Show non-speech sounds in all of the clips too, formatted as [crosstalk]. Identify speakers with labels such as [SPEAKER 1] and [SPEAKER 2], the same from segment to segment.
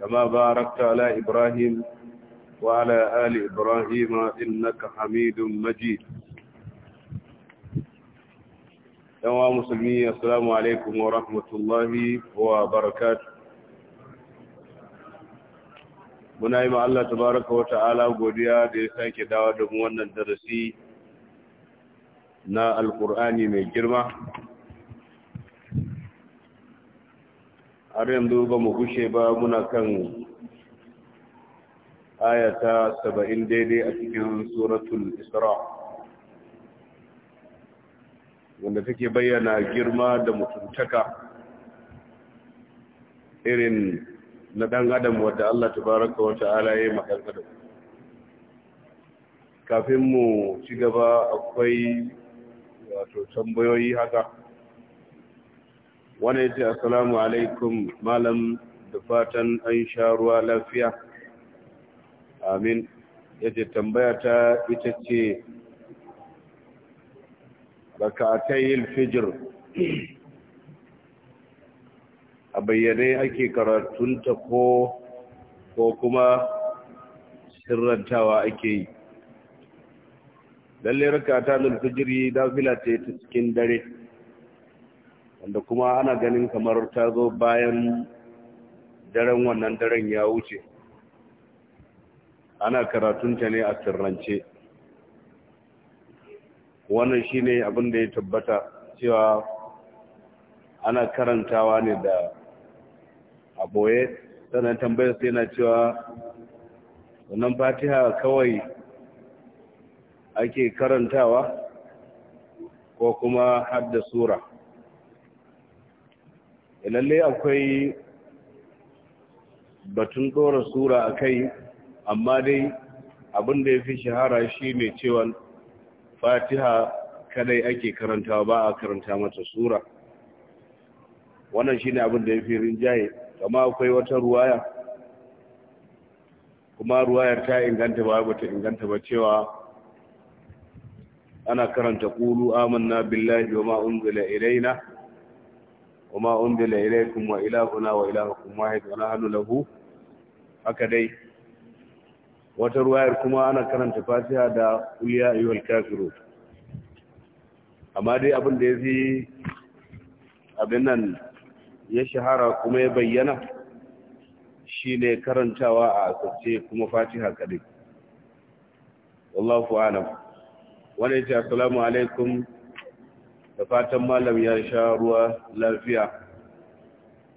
[SPEAKER 1] كما باركت على إبراهيم وعلى آل إبراهيم إنك حميد مجيد يا مسلمي السلام عليكم ورحمة الله وبركاته muna yi Allah tabaraka wata ala godiya da ya sake dawo da mu wannan darasi na alkur'ani mai girma har yanzu ba mu gushe ba muna kan ayata saba'in daidai a cikin suratul isra wanda take bayyana girma da mutuntaka irin na ɗan adam wadda Allah Ta baraka ta'ala ya makan kafin mu ci gaba akwai wato tambayoyi haka wani ya asalamu alaikum malam da fatan an sha ruwa lafiya amin ya ce tambaya ta ita ce raka'atayin fijir a bayyane ake karatunta ko ko kuma sirrantawa ake yi lalle raka'atayin fijiri da filata ta cikin dare wanda kuma ana ganin kamar ta zo bayan daren wannan daren ya wuce ana karatunta ne a sirrance wannan shi abin da ya tabbata cewa ana karantawa ne da aboye sannan tambayar sai na cewa wannan fatiha kawai ake karantawa ko kuma haddasa sura lalle akwai batun dora sura a kai amma dai abin da ya fi shahara shi ne cewa fatiha kadai ake karanta ba a karanta mata sura wannan shi ne abin da ya fi rinjaye kama akwai wata ruwaya kuma ruwayar ta inganta ba ba ta inganta ba cewa ana karanta ƙulu amanna billahi wa ma'unzula ilaina Kuma un bi daidai kuma ila kuna wa ila Haka dai. Wata ruwayar kuma ana karanta Fatiha da wuya a yiwuwar Amma dai abin da ya fi abin nan ya shahara kuma ya bayyana, shine karantawa a asibiti kuma Fatiha kadai. Wala kuwa wani ce asalaamualeykum. da fatan malam ya sha ruwa lafiya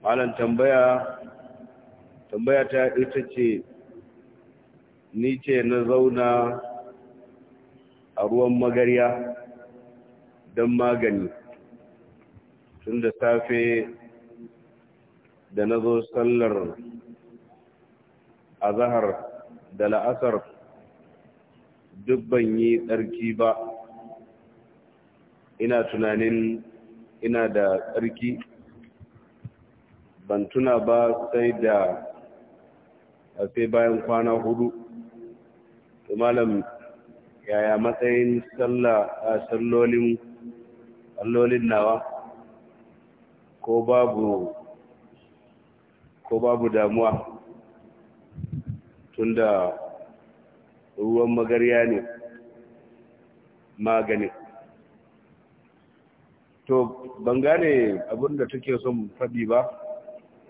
[SPEAKER 1] malam tambaya tambaya ta ita ce ni ce na zauna a ruwan magariya don magani tun da safe da na zo sallar a zahar da la'asar duk ban yi tsarki ba ina tunanin ina da tsarki ban tuna ba sai da a sai bayan kwana hudu malam yaya matsayin sallah a sallolin allolin nawa ko babu ko babu damuwa tunda ruwan magarya ne magani. to ban gane abinda take son faɗi ba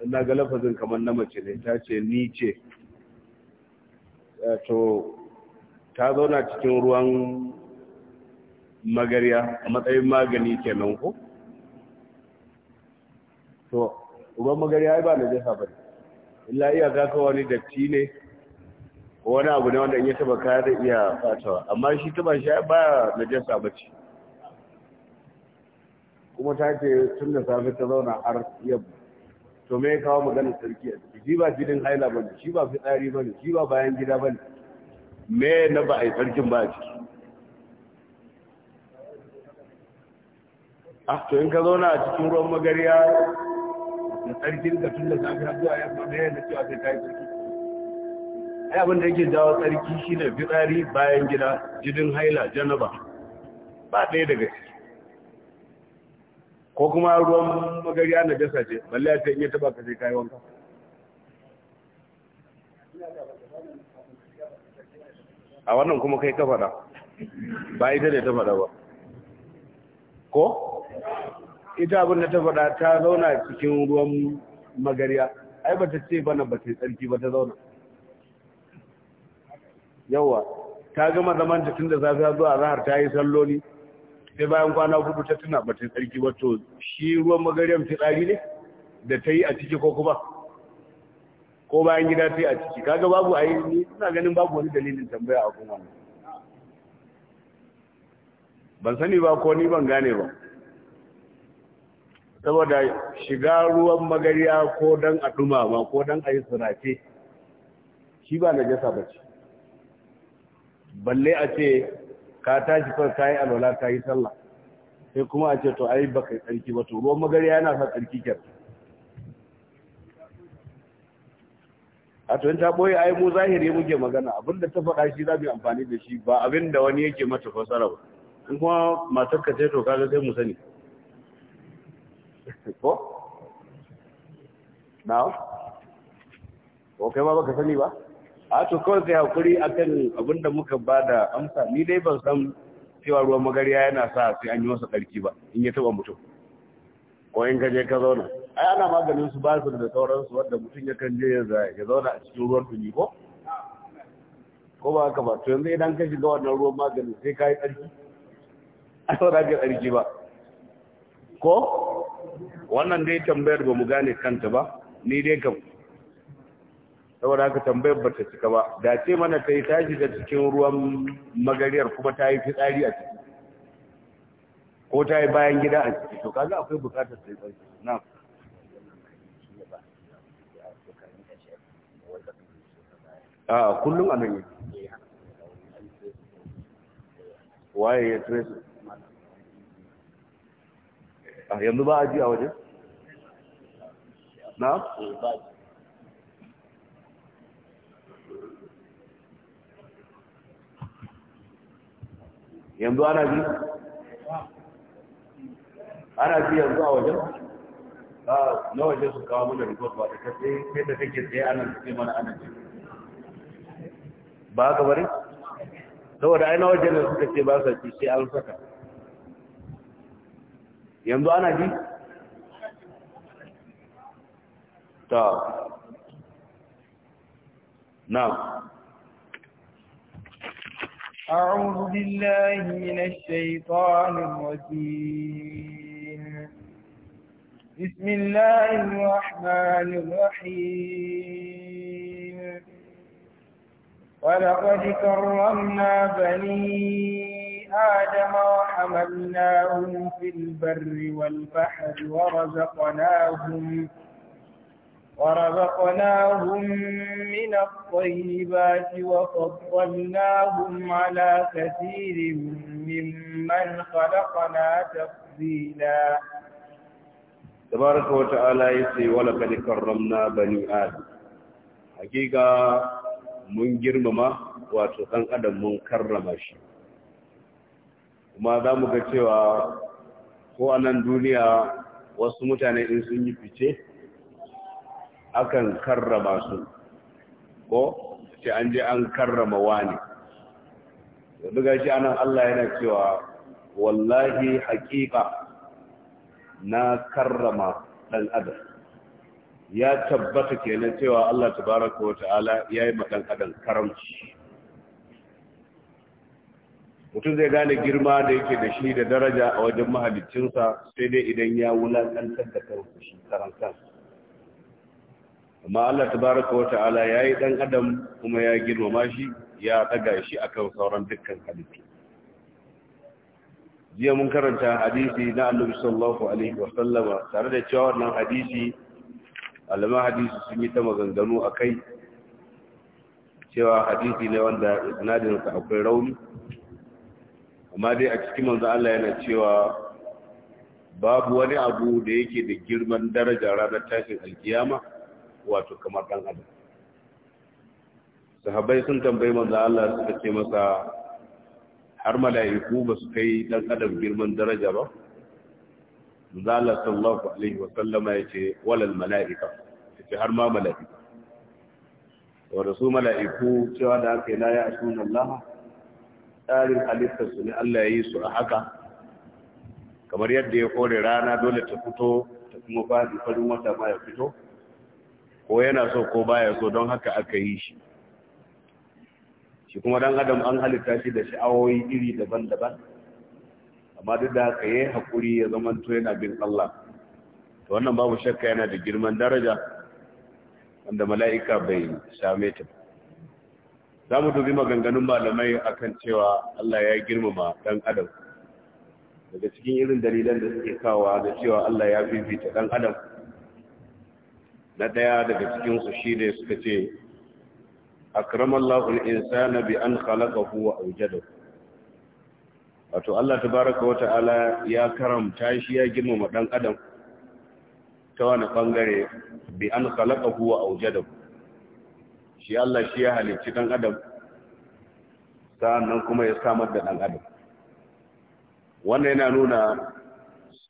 [SPEAKER 1] na ga lafazin kamar na mace ne ta ce ni ce eh, to ta zauna cikin ruwan magarya a matsayin magani kenan ko to ruwan magarya ba na jefa ba illa iya ga wani datti ne wani abu ne wanda in ya taba ka da iya fatawa amma shi taba shi ba na jefa kuma ta ce tun da safe ta zauna har yamma to me ya kawo magana sarki a ciki shi ba jinin haila ba ne shi ba fitsari ba ne shi ba bayan gida ba ne me na ba a yi sarkin ba a ciki a ah, to in ka zauna a cikin ruwan magariya da sarkin ka tun da safe har zuwa yamma me na cewa sai ta yi sarki ai abin da yake jawo sarki shine fitsari bayan gida jinin haila janaba ba ɗaya daga shi ko kuma ruwan magariya na jasa ce balle ya ce in ya taba ka sai kayi wanka a wannan kuma kai ka faɗa ba ita ne ta faɗa ba ko ita abin da ta faɗa ta zauna cikin ruwan magariya ai ba ta ce bana ba ta yi tsarki ba ta zauna yawa ta gama zaman ta tun da zafi zuwa zahar ta yi salloli sai bayan kwana hudu ta tuna ba ta tsarki wato shi ruwan magariyar fitsari ne da ta yi a ciki ko kuma ko bayan gida ta yi a ciki kaga babu a yi suna ganin babu wani dalilin tambaya a kuma wannan ban sani ba ko ni ban gane ba saboda shiga ruwan magariya ko don a dumama ko don a yi surace shi ba na jasa ba ce balle a ce ka tashi kawai ka yi alwala ka yi sallah sai kuma a ce to ai ba kai tsarki ba to ruwan magari yana sa tsarki kyar a to ta boye ai mu zahiri muke magana abinda ta faɗa shi za mu amfani da shi ba abin da wani yake mata fasara ba in kuma matar ka ce to kaga sai mu sani ko na ko kai ma baka sani ba a to kawai sai hakuri akan abin da muka bada amsa ni dai ban san cewa ruwan magariya yana sa sai an yi masa tsarki ba in ya taba mutum ko in ka je ka zauna ai ana maganin su ba su da sauransu wanda mutum ya kan je ya zauna a cikin ruwan tuni, ko ko ba haka ba to yanzu idan ka shiga wannan ruwan maganin sai ka yi tsarki a saura ga tsarki ba ko wannan dai tambayar ba mu gane kanta ba ni dai kam saboda haka tambayar ba ta cika ba da ce mana ta yi tashi da cikin ruwan magariyar kuma ta yi fitsari a ciki ko ta yi bayan gida a ciki to kaga akwai bukatar ta yi tsarki na a kullum a nan yi waye ya su a yanzu ba a ji a waje na? ba yanzu ana bi
[SPEAKER 2] ana bi yanzu a wajen
[SPEAKER 1] na wajen su kawo mana report ba ta kace sai da take tsaye anan sai mana anan ba ka bari saboda ai na da suka ce ba sa ci sai an saka yanzu ana ji ta na أعوذ بالله من الشيطان الرجيم بسم الله الرحمن الرحيم ولقد كرمنا بني آدم وحملناهم في البر والبحر ورزقناهم ورزقناهم من الطيبات وفضلناهم على كثير ممن خلقنا تفضيلا تبارك وتعالى يسي ولقد كرمنا بني آدم حقيقة من جرم ما وتقن أدم من كرم شيء وما za mu هو أن الدنيا wasu mutane in sun yi fice akan karrama su ko ce an je an karrama wani daga shi anan Allah yana cewa wallahi haƙiƙa na karrama ɗan adam ya tabbata kenan cewa Allah tabaraka wa ta'ala ya ma ɗan adam karamci mutum zai gane girma da yake da shi da daraja a wajen mahalicinsa sai dai idan ya wulakantar da kansa shi karan kansa amma Allah tabaraka wa ta'ala yayi dan adam kuma ya girmama shi ya daga shi akan sauran dukkan halittu jiya mun karanta hadisi na Annabi sallallahu alaihi wa sallama tare da cewa wannan hadisi alama hadisi sun yi ta maganganu akai cewa hadisi ne wanda isnadin sa akwai rauni amma dai a cikin manzo Allah yana cewa babu wani abu da yake da girman daraja ranar tashin alkiyama wato kamar ɗan adam sahabbai sun tambayi manzo Allah suka ce masa har mala'iku ba su kai ɗan adam girman daraja ba manzo Allah sallallahu alaihi wa sallama yace walal mala'ika yace har ma mala'ika wanda su mala'iku cewa da aka yi la ya asuna Allah tsarin halittar su ne Allah ya yi su a haka kamar yadda ya kore rana dole ta fito ta kuma faɗi farin wata ma ya fito ko yana so ko baya so don haka aka yi shi shi kuma dan adam an halitta shi da sha'awoyi iri daban-daban amma duk da haka yayi hakuri ya zama to yana bin Allah to wannan babu shakka yana da girman daraja wanda mala'ika bai same ta za mu dubi maganganun malamai akan cewa Allah ya girmama dan adam daga cikin irin dalilan da suke kawo da cewa Allah ya fifita dan adam na ɗaya daga cikinsu shi ne suka ce akramallahu insana bi an khalaqahu wa awjadahu wato Allah tabaraka wa ta'ala ya karamta shi ya girmama dan adam ta wani bangare bi an khalaqahu wa awjadahu shi Allah shi ya halicci dan adam nan kuma ya samar da ɗan adam wannan yana nuna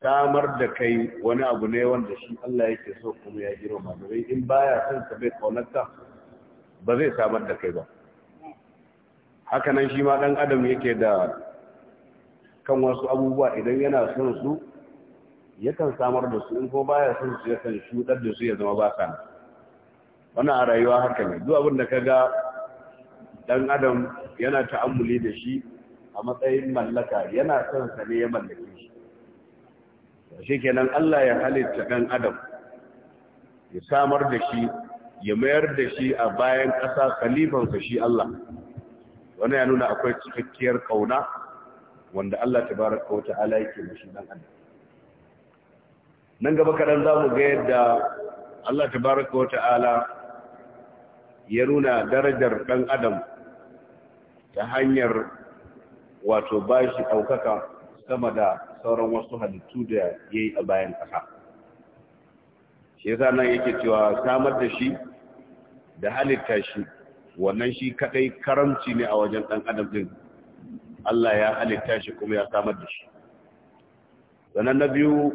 [SPEAKER 1] samar da kai wani abu ne wanda shi Allah yake so kuma ya gina malamai in baya son ka bai kaunarka ba zai samar da kai ba hakanan shi ma dan adam yake da kan wasu abubuwa idan yana son su yakan samar da su in ko baya son su yakan shudar da su ya zama ba sa wannan a rayuwa haka ne duk abin da ga dan adam yana ta'ammuli da shi a matsayin mallaka yana son sa ne ya mallaki. shi kenan Allah ya halitta ɗan adam ya samar da shi ya mayar da shi a bayan ƙasa khalifansa shi Allah wannan ya nuna akwai cikakkiyar kauna wanda Allah tabaraka wata'ala yake da shi ɗan adam nan gaba kaɗan za mu ga yadda Allah tabaraka ala ya nuna darajar ɗan adam ta hanyar wato bashi ɗaukaka sama da sauran wasu halittu da ya yi a bayan ƙasa shi ya nan yake cewa samar da shi da halitta shi wannan shi kadai karamci ne a wajen ɗan adam ɗin, Allah ya halitta shi kuma ya samar da shi sannan na biyu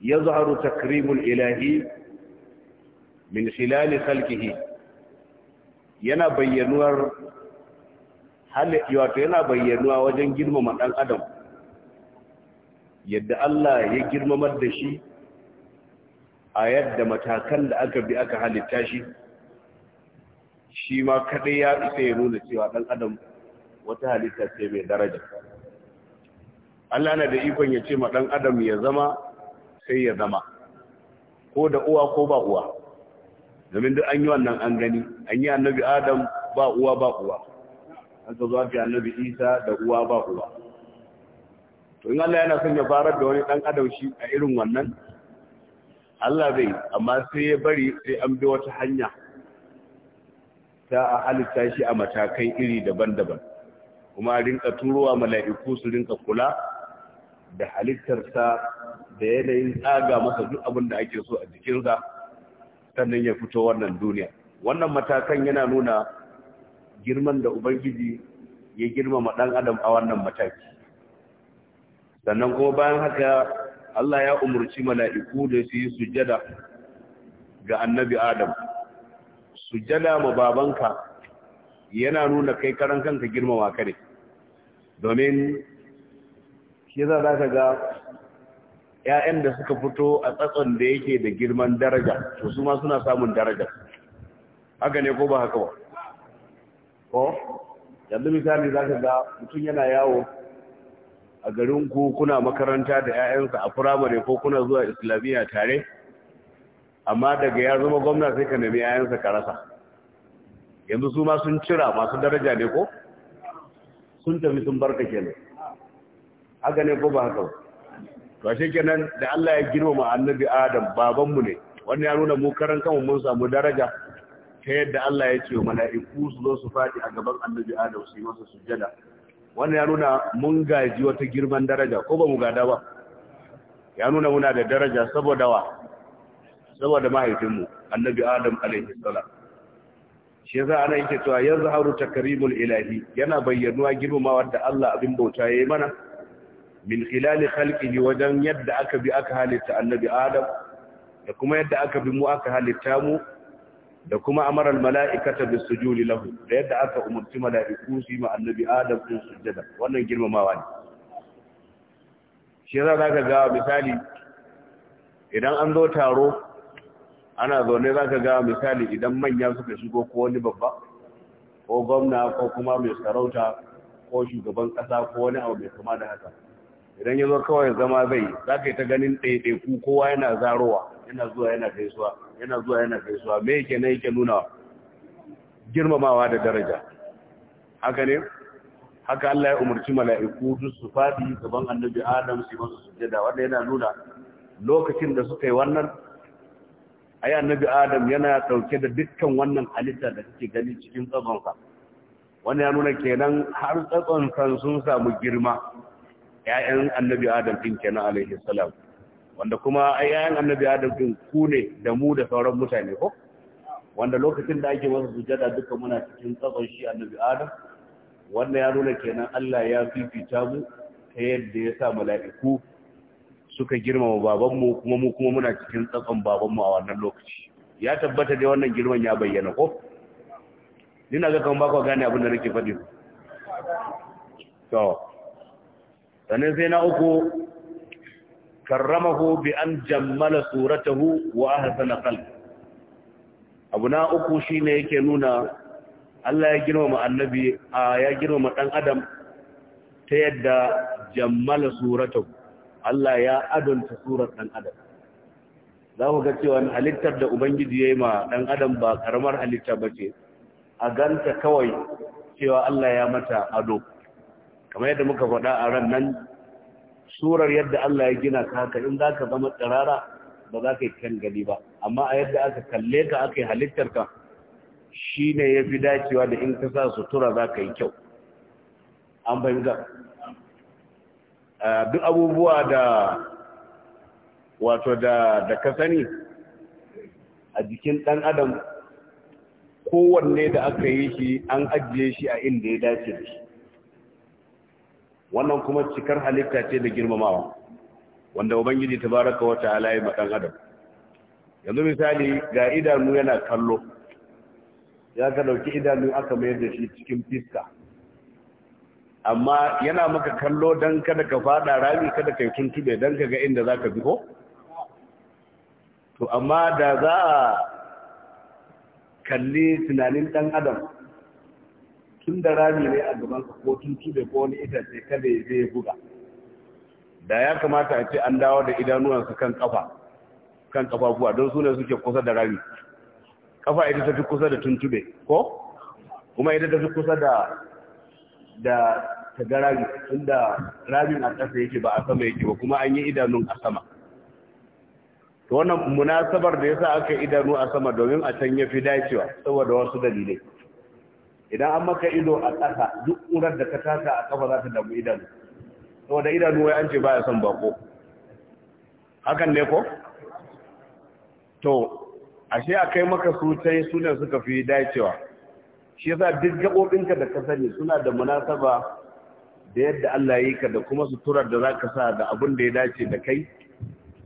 [SPEAKER 1] ya zaharu takrimul ilahi min khilali khalqihi yana bayyanuwar wato yana bayyanuwa wajen girmama ɗan adam yadda Allah ya girmamar da shi a yadda matakan da aka bi aka halitta shi shi ma kaɗai ya isa ya nuna cewa ɗan adam wata halitta ce mai daraja Allah na da ikon ya ce ma ɗan adam ya zama sai ya zama ko da uwa ko ba uwa domin duk an yi wannan an gani an yi annabi adam ba uwa ba uwa an ka fi annabi isa da uwa ba uwa to in Allah yana son ya farar da wani dan adaushi a irin wannan Allah zai amma sai ya bari sai an bi wata hanya ta a halitta shi a matakai iri daban-daban kuma rinka turowa mala'iku su rinka kula da halittarsa da yanayin tsaga masa duk abin da ake so a jikinsa sannan ya fito wannan duniya wannan matakan yana nuna girman da ubangiji ya girmama ɗan adam a wannan mataki sannan kuma bayan haka Allah ya umarci mala'iku da su yi sujada ga annabi Adam sujada ma babanka yana nuna kai karan kanka girmama ka ne domin shi za za ka ga ‘ya'yan da suka fito a tsatson da yake da girman daraja to su ma suna samun daraja haka ne ko ba haka ba ko yanzu misali za ka ga mutum yana yawo a garin ku kuna makaranta da 'ya'yansa a firamare ko kuna zuwa islamiyya tare amma daga ya zama gwamna sai ka nemi 'ya'yansa karasa rasa yanzu su ma sun cira masu daraja ne ko sun tafi sun barka kenan haka ne ko ba haka to kenan da Allah ya girmama annabi Adam babanmu ne wannan ya nuna mu karan kanmu mun samu daraja ta yadda Allah ya ce mala'iku su zo su faɗi a gaban annabi Adam su yi masa sujjada wannan ya nuna mun gaji wata girman daraja ko ba mu gada ba ya nuna muna da daraja saboda wa saboda mahaifinmu annabi adam alaihi salam shi yasa ana yake cewa yazharu takrimul ilahi yana bayyanuwa girmamawa da Allah abin bauta yayi mana min khilali khalqihi wajen yadda aka bi aka halitta annabi adam da kuma yadda aka bi mu aka halitta mu da kuma amara mala'ikata bis sujudi lahu da yadda aka umarci mala'iku su yi ma annabi adam su sujjada wannan girmamawa ne shi yasa zaka ga misali idan an zo taro ana zaune zaka ga misali idan manya suka shigo ko wani babba ko gwamna ko kuma mai sarauta ko shugaban kasa ko wani abu mai kama da haka idan ya zo kawai zama zai zaka yi ta ganin ɗaiɗaiku kowa yana zarowa yana zuwa yana gaisuwa yana zuwa yana gaisuwa me yake na yake nuna girmamawa da daraja haka ne haka Allah ya umarci mala'iku duk su fadi gaban annabi Adam su masa sujada wanda yana nuna lokacin da suka yi wannan ai annabi Adam yana dauke da dukkan wannan halitta da kake gani cikin tsagonsa Wani ya nuna kenan har tsagon kan sun samu girma ƴaƴan annabi Adam din kenan alaihi salam wanda kuma ayyayan annabi adam din ku ne da mu da sauran mutane ko wanda lokacin da ake masa sujada duka muna cikin tsakon shi annabi adam wanda ya nuna kenan Allah ya fifita mu ta yadda ya sa mala'iku suka girmama babanmu kuma mu kuma muna cikin tsakon babanmu a wannan lokaci ya tabbata dai wannan girman ya bayyana ko nina ga kan baka gane abin da nake faɗi to sannan sai na uku Karrama bi an jammala suratahu wa ahsana khalqahu abu uku shine yake nuna Allah ya girmama annabi ya girmama dan adam ta yadda jammala suratahu Allah ya adonta surar dan adam za ku ga cewa halittar da ubangiji yayi ma dan adam ba karamar halitta bace a ganta kawai cewa Allah ya mata ado kamar yadda muka faɗa a ran nan surar yadda Allah ya gina ka haka in zaka zama tsirara ba za ka yi kan gani ba amma a yadda aka kalle ka aka yi halittar ka shi ne ya fi dacewa da in ka sa sutura za ka yi kyau an fahimta duk abubuwa da wato da da ka sani a jikin ɗan adam kowanne da aka yi shi an ajiye shi a inda ya dace da shi wannan kuma cikar halitta ce da girmamawa wanda ubangiji tabaraka wa ta'ala ya madan adam yanzu misali ga idanu yana kallo ya ka dauki idanu aka mayar da shi cikin fiska amma yana maka kallo dan kada ka fada rami kada kai tuntube dan ka ga inda zaka bi ko to amma da za a kalli tunanin dan adam tun da rami ne a ka ko tun tube ko wani itace kada ya zai ya buga da ya kamata a ce an dawo da idanuwansu kan kafa kan kafafuwa don su ne suke kusa da rami kafa ita tafi kusa da tuntube ko kuma ita tafi kusa da da ta ga rami tunda ramin a ƙasa yake ba a sama yake ba kuma an yi idanun a sama to wannan munasabar da yasa aka idanu a sama domin a can ya fi dacewa saboda wasu dalilai idan an maka ido a ƙasa duk ƙurar da ka taka a kafa za ta damu idanu saboda idanu wai an ce ba ya son bako hakan ne ko to ashe a kai maka su ta yi sunan suka fi dacewa shi yasa duk gaɓoɓinka da ka sani suna da munasaba da yadda Allah ya yi ka da kuma suturar da za ka sa da abin da ya dace da kai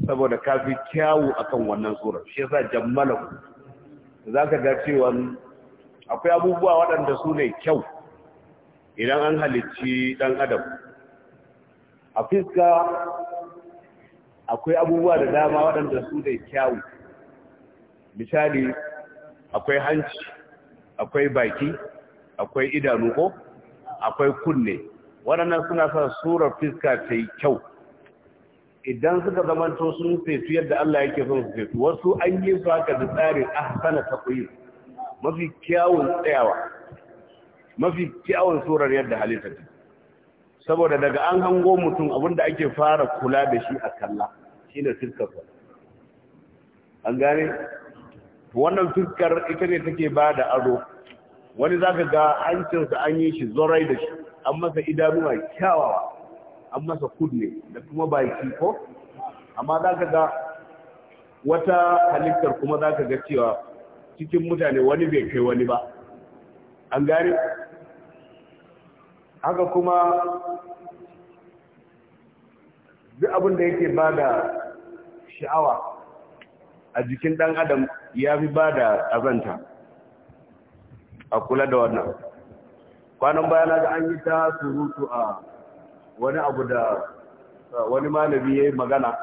[SPEAKER 1] saboda ka fi kyawu akan wannan surar shi yasa jammalahu za ka ga cewa akwai abubuwa waɗanda su ne kyau idan an halicci ɗan adam a fiska akwai abubuwa da dama waɗanda su ne kyau. misali akwai hanci akwai baki akwai idanu ko akwai kunne waɗannan suna sa surar fiska ta yi kyau idan suka zamanto sun fetu yadda Allah yake son su fetu wasu an yi su haka da tsarin ahsana ta taqwim mafi kyawun tsayawa mafi kyawun tsoron yadda halitta ta saboda daga an hango mutum abinda ake fara kula da shi a kalla shi ne firkarsa an gane wannan firkar ita ne take ba da ado wani za ka ga hancinsa an yi shi zorai da shi an masa idanuwa kyawawa an masa kudne da kuma baki ko amma za ka ga wata halittar kuma za ka ga cewa cikin mutane wani bai kai wani ba an gane haka kuma duk abin da yake ba da sha'awa a jikin dan adam ya fi ba da azanta a kula da wannan kwanan bayan da an yi ta surutu a wani abu da wani malami ya yi magana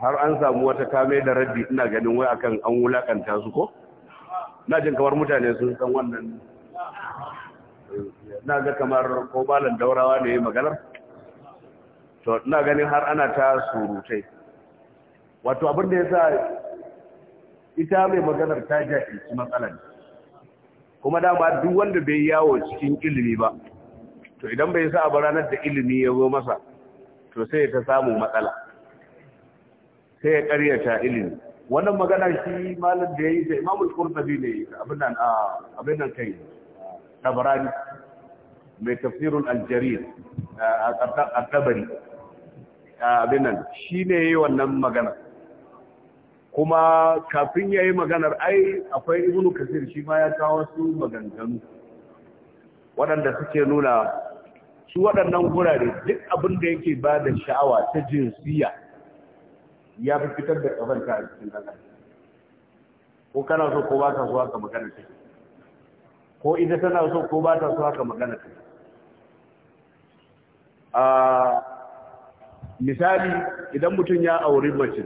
[SPEAKER 1] har an samu wata kame da raddi ina ganin wai akan an wulakanta su ko na jin kamar mutane sun san wannan na ga kamar ko balan daurawa ne maganar to ina ganin har ana ta surutai wato abin da yasa ita mai maganar ta jahilci matsalar kuma dama duk wanda bai yawo cikin ilimi ba to idan bai sa a ranar da ilimi ya zo masa to sai ta samu matsala sai ya karyata ilimi wannan magana shi malam da yayi da Imam al-Qurtubi ne abin nan abin nan kai Tabarani mai tafsirul al-Jarir a Tabari abin nan shi ne yayi wannan magana kuma kafin yayi maganar ai akwai Ibn Kathir shi ma ya kawo su maganganu waɗanda suke nuna su waɗannan gurare duk abin da yake ba da sha'awa ta jinsiya ya fi fitar da ƙazanta a cikin ɗan ko kana so ko ba ka so haka magana ce ko ita tana so ko ba ta so haka magana ce a misali idan mutum ya auri mace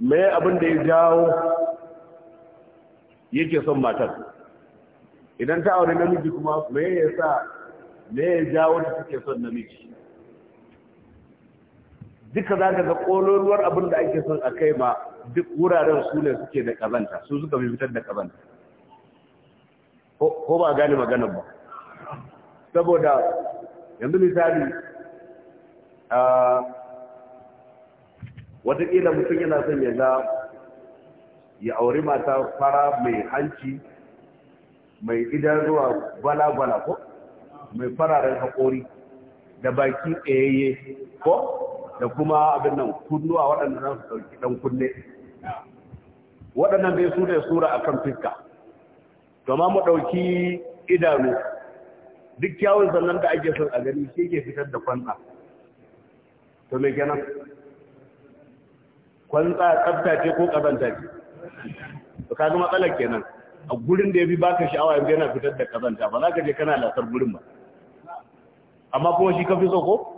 [SPEAKER 1] me abin da ya jawo yake son matar idan ta aure namiji kuma me ya sa me ya jawo ta take son namiji duka za ka ga ƙololuwar abin da ake son a kai ma duk wuraren su ne suke da ƙazanta su suka fi fitar da ƙazanta ko ba gane maganar ba saboda yanzu misali wataƙila mutum yana son ya ga ya auri mata fara mai hanci mai idan zuwa bala-bala ko mai fararen haƙori da baki ɗayayye ko da kuma abin nan kunnuwa waɗanda za su ɗauki ɗan kunne waɗannan bai su ne sura akan fiska kama mu ɗauki idanu duk kyawun sannan da ake son a gani shi ke fitar da kwanta to mai kenan kwanta tsabta ce ko kazanta ce to kaga matsalar kenan a gurin da ya bi baka sha'awa yanzu yana fitar da kazanta ba za ka je kana lasar gurin ba amma kuma shi ka fi so ko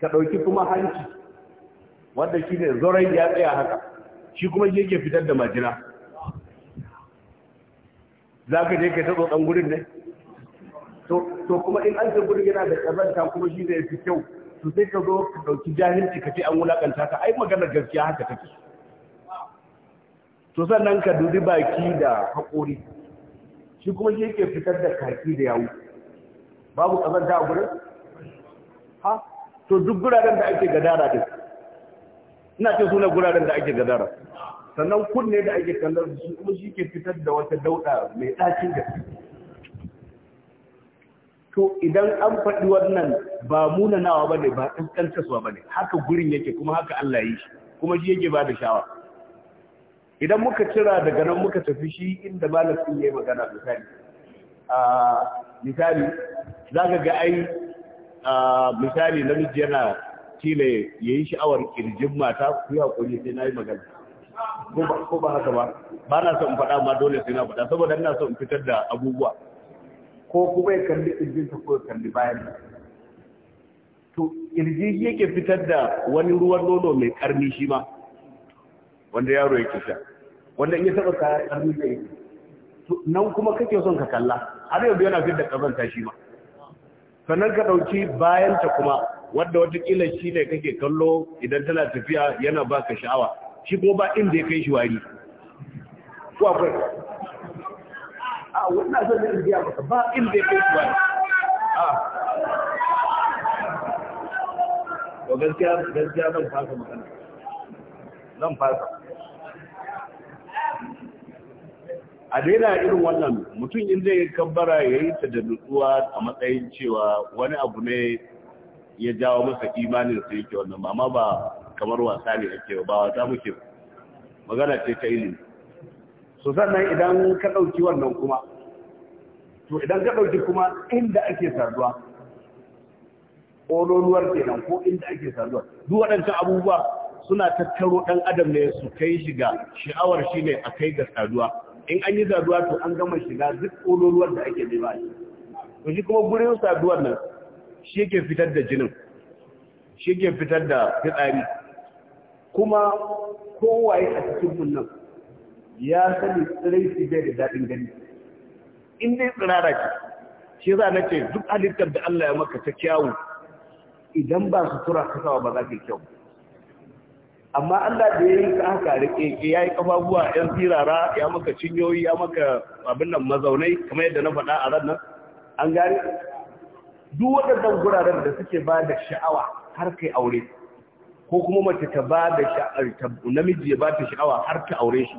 [SPEAKER 1] ka ɗauki kuma hanci wanda shi ne zorai ya tsaya haka shi kuma shi yake fitar da majina za ka je ka ta tsotson gudun ne to kuma in an ce yana da ƙazanta kuma shi ne fi kyau to sai ka zo ka ɗauki jahilci ka ce an wulaƙanta ka ai maganar gaskiya haka take to sannan ka dubi baki da haƙori shi kuma shi yake fitar da kaki da yawu babu ƙazanta a gurin ha to duk guraren da ake gadara din ina ce suna guraren da ake gadara sannan kunne da ake kallon su kuma shi ke fitar da wata dauda mai ɗakin da to idan an faɗi wannan ba nawa ba ne ba ƙasƙantaswa ba ne haka gurin yake kuma haka Allah yi shi kuma shi yake ba da shawa idan muka cira daga nan muka tafi shi inda malamin ya yi magana misali a misali za ka ga ai misali namiji yana tila ya yi sha'awar kirjin mata ku yi haƙuri sai na yi magana ko ba haka ba ba na son faɗa ma dole sai na faɗa saboda ina son fitar da abubuwa ko kuma ya kalli kirjinsa ko ya kalli bayan to kirji shi yake fitar da wani ruwan nono mai karni shi ma wanda yaro yake sha wanda in ya taɓa kaya karni da yake nan kuma kake son ka kalla har yanzu yana fitar da ƙazanta shi ma sannan ka ɗauki bayanta kuma wadda watakila shi ne kake kallo idan tana tafiya yana ka sha'awa shi ko ba inda ya kai shi wari ko akwai a wannan son da indiya maka ba inda ya kai shi wari a to gaskiya zan fasa magana zan fasa a daina irin wannan mutum in zai kabbara ya yi ta da nutsuwa a matsayin cewa wani abu ne ya jawo masa imanin su yake wannan ba amma ba kamar wasa ne ake ba wasa muke magana ce ta ilimi so sannan idan ka ɗauki wannan kuma to idan ka ɗauki kuma inda ake saduwa ƙololuwar kenan ko inda ake sarduwa duk waɗancan abubuwa suna tattaro ɗan adam ne su kai shiga sha'awar shi ne a kai ga saduwa in an yi zaduwa to an gama shiga duk ƙololuwar da ake zai ba shi to shi kuma gurin saduwar nan shi yake fitar da jinin shi yake fitar da fitsari kuma kowaye a cikin munnan ya sani tsirai su bai da daɗin gani in dai tsirara ce shi za na ce duk halittar da Allah ya maka ta kyawu idan ba su tura kasawa ba za ka yi kyau amma Allah da ya yi ka haka rike ya yi kafafuwa yan sirara ya maka cinyoyi ya maka abin nan mazaunai kamar yadda na faɗa a ran nan an gane duk waɗannan guraren da suke ba da sha'awa har kai aure ko kuma mace ta ba da sha'awar namiji ya ba ta sha'awa har ta aure shi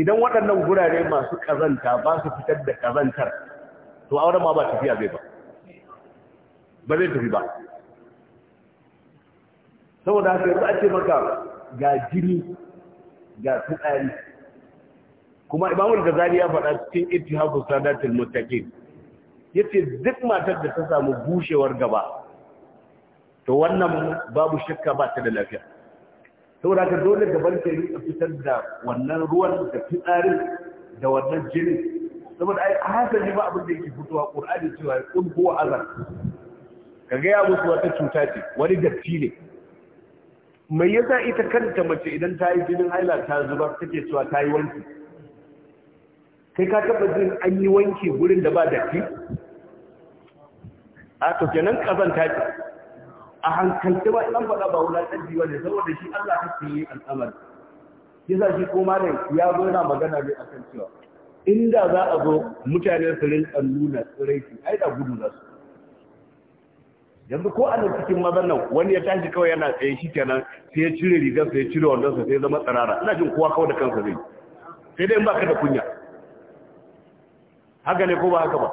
[SPEAKER 1] idan waɗannan gurare masu kazanta ba su fitar da kazantar to aure ma ba tafiya zai ba ba zai tafi ba saboda haka yanzu a ce maka ga jini ga fitsari kuma imamul Zari ya faɗa cikin ittihafu sadatul muttaqin yace duk matar da ta samu bushewar gaba to wannan babu shakka ba ta da lafiya saboda ka dole gaban ta yi fitar da wannan ruwan da fitsarin da wannan jini saboda ai hasali ba abin da yake fitowa qur'ani cewa kun huwa azab ka gaya ya musu wata cuta ce wani datti ne mai yasa ita kanta mace idan ta yi jinin haila ta zuba take cewa ta yi wanki kai ka taba jin an yi wanki gurin da ba datti a to kenan ta ce a hankalce ba idan faɗa ba wulaƙanci ba ne saboda shi Allah ta ce yi al'amari yasa shi ko malam ya zo magana ne a kan cewa inda za a zo mutane su rinka nuna tsiraiti ai da gudu za su yanzu ko a nan cikin mazan nan wani ya tashi kawai yana tsaye shi kenan sai ya cire rigar sai ya cire wandon sai ya zama tsarara ina jin kowa kawai da kansa zai sai dai in baka da kunya haka ne ko ba haka ba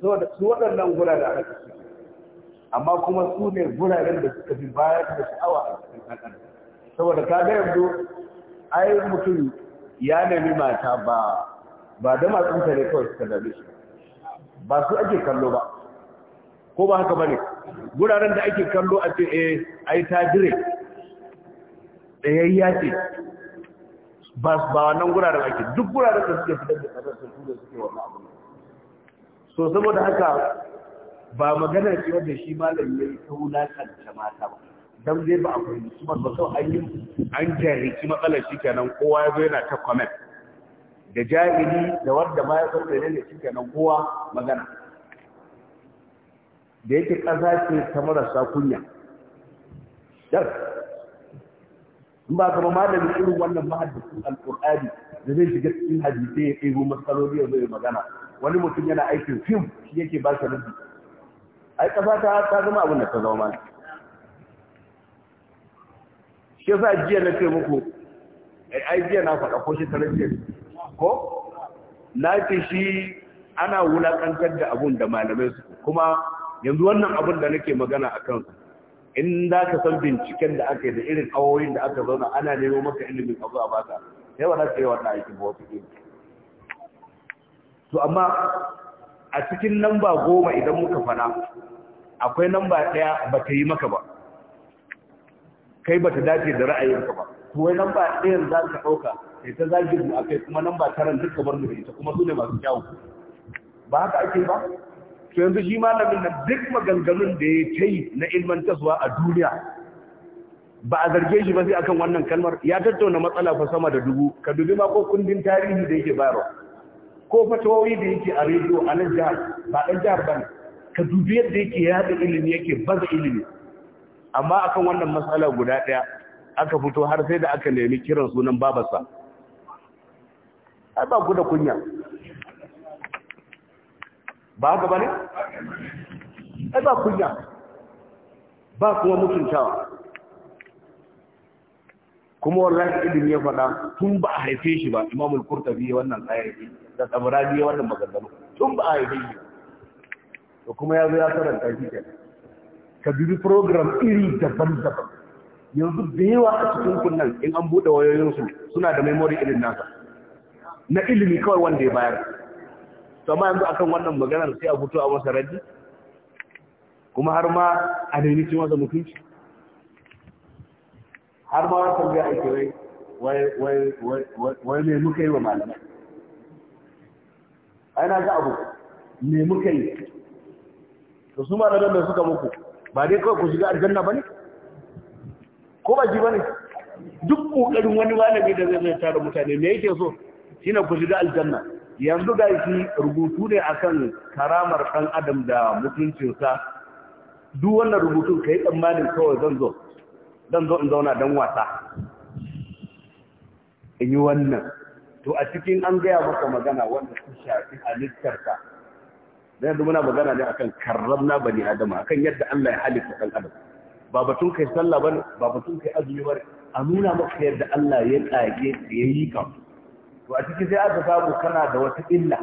[SPEAKER 1] saboda su waɗannan gurare a haka amma kuma su ne guraren da suka fi bayar da sha'awa a cikin ɗan saboda ka ga yanzu ai mutum ya nemi mata ba ba da matsunta ne kawai suka dame shi ba su ake kallo ba ko ba haka bane guraren da ake kallo a ce eh ai ta dire tsayayya ce ba wannan guraren ake duk guraren da suke fitar da kasar sun tura suke wa abu so saboda haka ba magana ce wanda shi malam ya yi ta wulakanta mata ba don zai ba a su ba sau an yi an jarriki matsalar shi kenan kowa ya zo yana ta comment da jahili da wanda ma ya san da ne shi kenan kowa magana da yake ƙasa ce ta marasa kunya yar in ba kama malami irin wannan mahaddisin alƙur'ani da zai shiga cikin hadisai ya ɗebo matsaloli ya zai magana wani mutum yana aikin fim shi yake ba shi rubi ai ƙasa ta ta zama abin da ta zama mana shi yasa jiya na ce muku eh, ai jiya na faɗa ko shi ta tarar ko na ce shi ana wulaƙantar da abun da malamai su kuma yanzu wannan abin da nake magana a kansu, in za ka san binciken da aka yi da irin awoyin da aka zauna ana nemo maka ilimin abu a baka sai wa za ka aikin ba wata to amma a cikin namba goma idan muka fana akwai namba ɗaya ba ta yi maka ba kai ba ta dace da ra'ayinka ba wai namba ɗayan za ka ɗauka sai ta zagi mu a kai kuma namba taran duka bar mu da ita kuma su masu kyau. ba haka ake ba to yanzu shi malamin nan duk maganganun da ya ta yi na ilmantarwa a duniya ba a zarge shi ba sai akan wannan kalmar ya tattauna matsala fa sama da dubu ka dubi ma ko kundin tarihi da yake bayarwa ko fatawoyi da yake a rediyo a nan jihar ba ɗan jihar ba ne ka dubi yadda yake yaɗa ilimi yake baza ilimi amma akan wannan matsala guda ɗaya aka fito har sai da aka nemi kiran sunan babarsa ai ba ku da kunya ba haka ba ne? ai ba kunya ba kuma mutuntawa kuma wallahi ilimi ya faɗa tun ba a haife shi ba imamul kurtabi wannan ayyafi da tsabarani wannan maganganu tun ba a haife shi to kuma ya zo ya karanta shi ke ka bibi program iri daban-daban yanzu da yawa a cikin kunnan in an buɗe wayoyinsu suna da memory irin nasa na ilimi kawai wanda ya bayar to amma yanzu akan wannan maganar sai a fito a masa raddi kuma har ma a nemi ci masa mutunci har ma wani tambaya ake wai wai me muka yi wa malamai ai na ga abu me muka yi to su malaman mai suka muku ba dai kawai ku shiga aljanna ba ne ko ba ji ba ne duk ƙoƙarin wani malami da zai zai tara mutane me yake so shine ku shiga aljanna yanzu ga shi rubutu ne akan karamar ɗan adam da mutuncinsa duk wannan rubutun ka yi tsammanin kawai zan zo zan zo in zauna don wasa in yi wannan to a cikin an gaya maka magana wanda su shafi halittarka da yanzu muna magana ne akan karramna bani adam akan yadda Allah ya halitta ɗan adam ba batun kai sallah bane ba batun kai azumi bane a nuna maka yadda Allah ya tsage da ya yi ka to a ciki sai aka samu kana da wata illa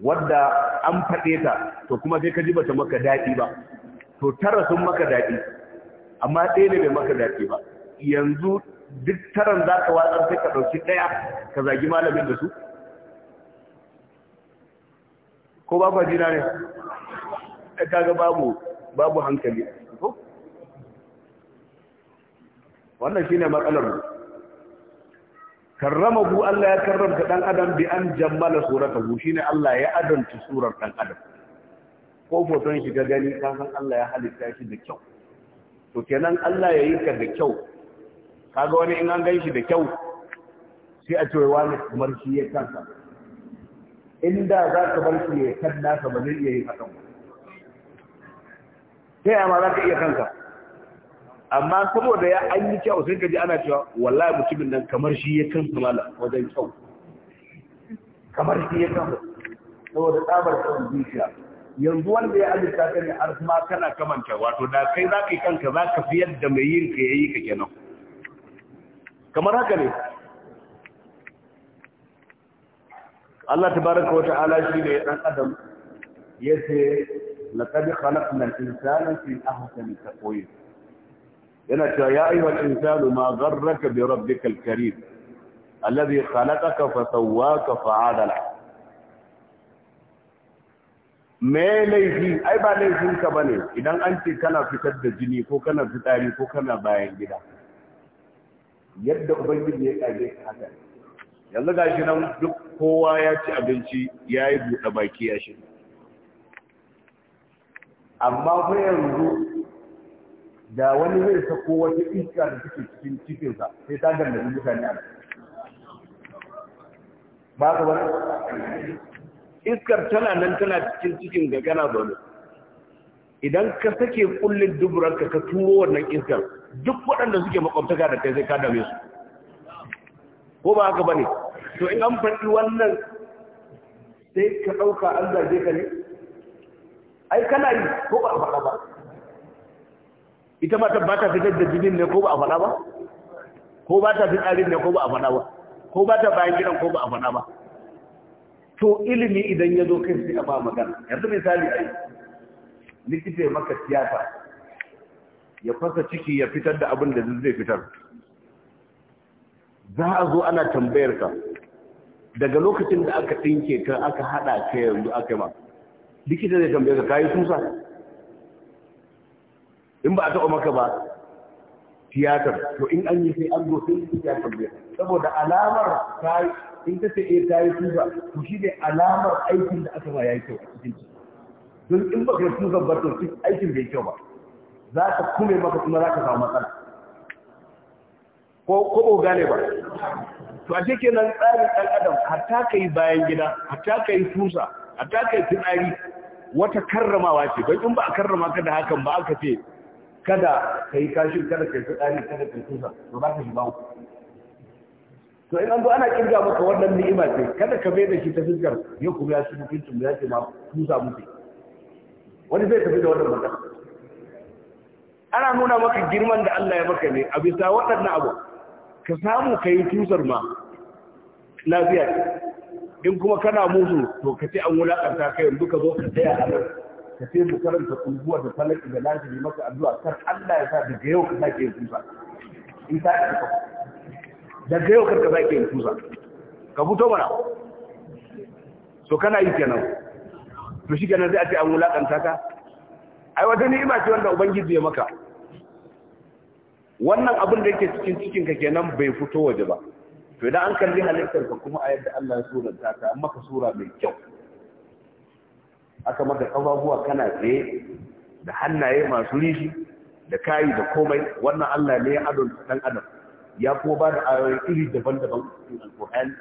[SPEAKER 1] wadda an faɗe ta to kuma sai ka ji bata maka daɗi ba to tara sun maka daɗi amma ɗaya ne bai maka daɗi ba yanzu duk taran za ka watsar sai ka ɗauki ɗaya ka zagi malamin da su ko ba ku jina
[SPEAKER 2] ne
[SPEAKER 1] ga babu babu hankali wannan shine matsalar mu karramahu Allah ya karramta dan adam bi an jammala suratahu shine Allah ya adanta surar dan adam ko foton shi ga gani ka san Allah ya halitta shi da kyau to kenan Allah ya yi ka da kyau kaga wani in an ganshi da kyau sai a ce wani kamar shi ya kansa inda za ka bar shi ya kanna ka ba zai iya yin hakan ba sai amma za ka iya kanka amma saboda ya an yi kyau sai ka ji ana cewa wallahi mutumin nan kamar shi ya kan sulala wajen kyau kamar shi ya kan saboda tsabar kan zuciya yanzu wanda ya halitta ka ne har kuma kana kamanta wato da kai za ka yi kanka za ka fi yadda mai yin ka yayi ka kenan kamar haka ne Allah tabaraka wa ta'ala shi ne dan adam yace laqad khalaqna al-insana fi ahsani taqwim yana cewa ya yi wa insanu ma zarraka bi rabbikal karim allazi khalaqaka fa sawwaka fa adala me laifi ai ba laifin ka bane idan an ce kana fitar da jini ko kana fitari ko kana bayan gida yadda ubangiji ya kage ka haka yanzu shi nan duk kowa ya ci abinci ya yi buɗe baki ya shi amma fa yanzu da wani zai sako wata iska da take cikin cikinsa sai ta dandabi mutane a ba ka wani iskar tana nan tana cikin cikin ga zaune idan ka sake kullin duburanka ka turo wannan iskar duk waɗanda suke makwabtaka da kai sai ka dame su ko ba haka bane to in an faɗi wannan sai ka ɗauka an zarge ka ne ai kana yi ko ba faɗa ba ita ba ta fitar da jinin ne ko ba a faɗa ba ko ba ta fitsarin ne ko ba a faɗa ba ko ba ta bayan gidan ko ba a faɗa ba to ilimi idan ya zo kai sai a ba magana yanzu misali ai likita ya maka tiyata ya fasa ciki ya fitar da abin da zai fitar za a zo ana tambayar ka daga lokacin da aka ɗinke ka aka haɗa ka yanzu aka yi ma likita zai tambaye ka kayi tusa in ba a taɓa maka ba tiyatar to in an yi sai an zo sai tiyatar ne saboda alamar ta in ta ce eh, ta yi tuba to shi ne alamar aikin da aka ba ya yi kyau a cikin ciki don in ka yi tuba ba to aikin bai kyau ba za ka kume maka kuma za ka samu matsala ko ko gane ba to a cikin nan tsarin ɗan adam hatta ka yi bayan gida hatta ka yi tusa hatta ka yi fitsari wata karramawa ce don in ba a karrama ka da hakan ba aka ce kada ka yi kashin kada ka yi tsari kada ka yi tusa to za ka shiga uku to in an zo ana kirga maka wannan ni'ima ce kada ka mai da shi ta fuskar ya kuma ya shi mutuncin ya ce ma tusa muke wani zai tafi da wannan magana ana nuna maka girman da Allah ya maka ne a bisa waɗannan abu ka samu ka yi tusar ma lafiya in kuma kana musu to ka ce an wulaƙanta ka yanzu ka zo ka tsaya a nan ka ce mu karanta kulbuwa da falaki da lafi ne maka addu'a kar Allah ya sa daga yau ka sake yin kusa in ta ka daga yau kar ka sake yin kusa ka fito mana so kana yi kenan to shi kenan zai a ce an wulakanta ka ai wata ni'ima ce wanda ubangiji ya maka wannan abin da yake cikin cikin ka kenan bai fito waje ba to idan an kalli halittar ka kuma a yadda Allah ya sura ta an maka sura mai kyau aka maka ƙafafuwa kana tsaye da hannaye masu rishi da kayi da komai wannan Allah ne ya adon ɗan adam ya kuma ba da ayoyi iri daban-daban cikin alƙur'ani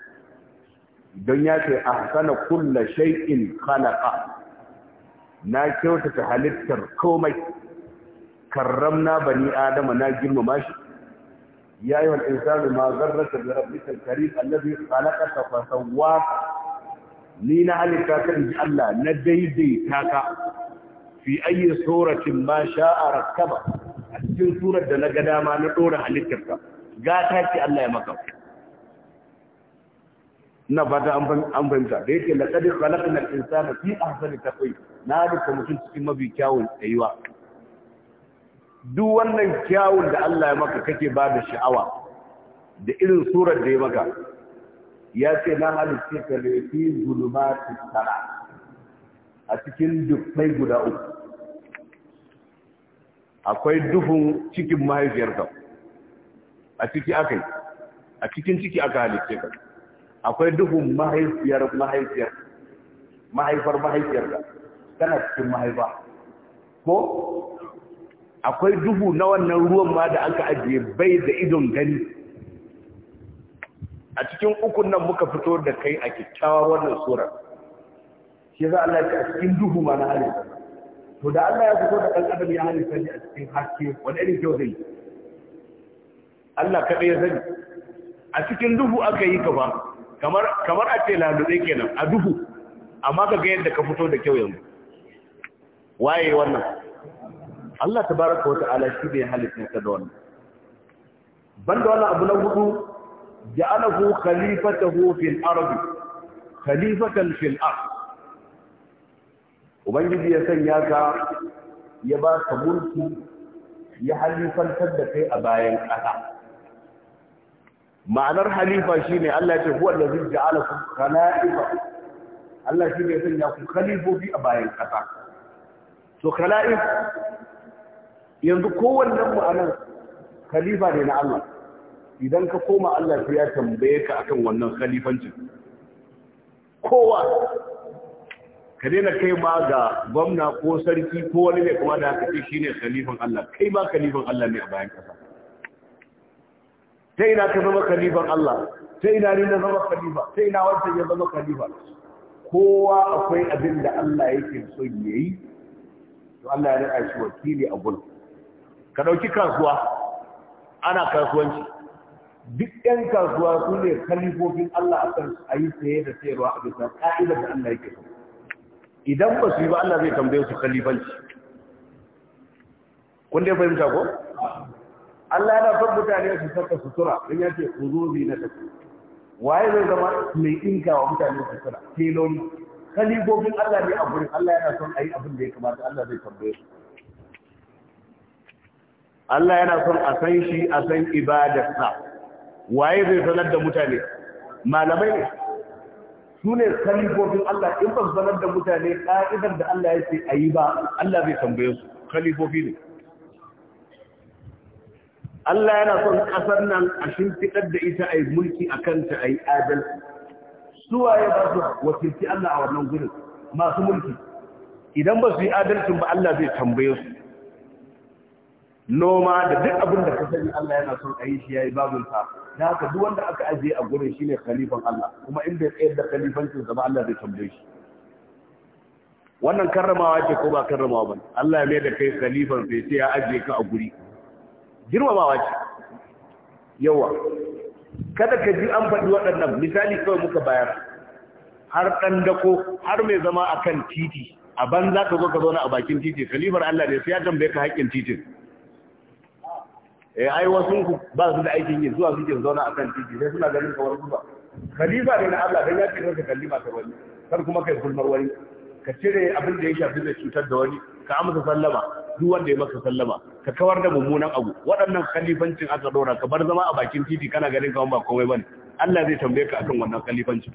[SPEAKER 1] don ya ce ahsana kulla shay'in khalaqa na kyautata halittar komai karramna bani adama na girmama shi ya yi wal insanu ma zarrata bi rabbika alkarim alladhi khalaqaka fa sawwaka ni na halitta ka in ji Allah na daidaita ka fi ayyi suratin ma sha'a rakkaba a cikin surar da na gada dama na dora halittar ka gata ce Allah ya maka ina fata an fahimta da yake laqad khalaqna al-insana fi ahsani taqwim na halitta mutum cikin mabi kyawun tsayuwa duk wannan kyawun da Allah ya maka kake ba da sha'awa da irin surar da ya maka ya ce na halitta ka ne zuluma zulumati tara a cikin dubbai guda uku akwai duhun cikin mahaifiyarka a ciki aka yi a cikin ciki aka halitta ka akwai duhun mahaifiyar mahaifiyar mahaifar mahaifiyarka tana cikin mahaifa ko akwai duhu na wannan ruwan ma da aka ajiye bai da idon gani a cikin ukun nan muka fito da kai a kyakkyawar wannan sura shi za Allah ya a cikin duhu ma na halitta to da Allah ya fito da ɗan adam ya halin sani a cikin haske wani irin kyau zai Allah kaɗai ya zani. a cikin duhu aka yi ka ba kamar kamar a ce lalube kenan a duhu amma ka ga yadda ka fito da kyau yanzu waye wannan Allah tabaraka wa ta'ala shi ne halitta da wannan banda wannan abu na hudu ja'alahu khalifatahu fil ardi khalifatan fil ubangiji ya sanya ka ya ba ka ya halifantar da kai a bayan ƙasa ma'anar halifa shine Allah ya ce huwa allazi ja'alakum khala'ifa Allah shi ne ya sanya ku a bayan to yanzu khalifa ne na Allah idan ka koma Allah ya tambaye ka akan wannan khalifancin kowa ka daina kai ma ga gwamna ko sarki ko wani ne kuma da haka shine khalifan Allah kai ba khalifan Allah ne a bayan kasa Sai ina ka zama khalifan Allah sai ina ne na zama khalifa sai ina wancan ya zama khalifa kowa akwai abin da Allah yake so yayi to Allah ya rika shi wakili a gurin ka dauki kasuwa ana kasuwanci duk ɗan kasuwa su ne kalifofin Allah a kan a yi saye da sayarwa a bisa ƙa'ida da Allah yake so idan ba su yi ba Allah zai tambaye su kalifanci kun dai fahimta ko Allah yana son mutane su saka sutura don ya ce ku zo na tafi waye zai zama mai inka wa mutane sutura telon kalifofin Allah ne a gurin Allah yana son a yi abin da ya kamata Allah zai tambaye su Allah yana son a san shi a san ibadarsa waye zai sanar da mutane malamai ne su ne kalifofin Allah in ba su sanar da mutane ƙa'idar da Allah ya ce a yi ba Allah zai tambaye su kalifofi ne Allah yana son ƙasar nan a shimfiɗar da ita a yi mulki a kanta a yi adalci waye ba su wakilci Allah a wannan gurin masu mulki idan ba su yi adalcin ba Allah zai tambaye su noma da duk abin da ka sani Allah yana son a yi shi yayi babun sa da haka duk wanda aka ajiye a gurin shine khalifan Allah kuma in bai tsayar da khalifancin sa ba Allah zai tambaye shi wannan karramawa ce ko ba karramawa ba Allah ya mai da kai khalifan sai sai ya ajiye ka a guri girmamawa ce yawa kada ka ji an faɗi waɗannan misali kawai muka bayar har ɗan dako har mai zama akan titi a banza ka zo ka na a bakin titi khalifar Allah ne sai ya tambaye ka haƙƙin titin eh ai wasu ku ba su da aikin yi zuwa suke zauna a kan titi sai suna ganin kawar kusa, khalifa ne na Allah dan ya ce ka kalli ba ta wani kar kuma kai gulmar wani ka cire abin da ya shafi da cutar da wani ka amsa sallama duk wanda ya maka sallama ka kawar da mummunan abu waɗannan khalifancin aka dora ka bar zama a bakin titi kana ganin kawar ba komai bane Allah zai tambaye ka akan wannan khalifancin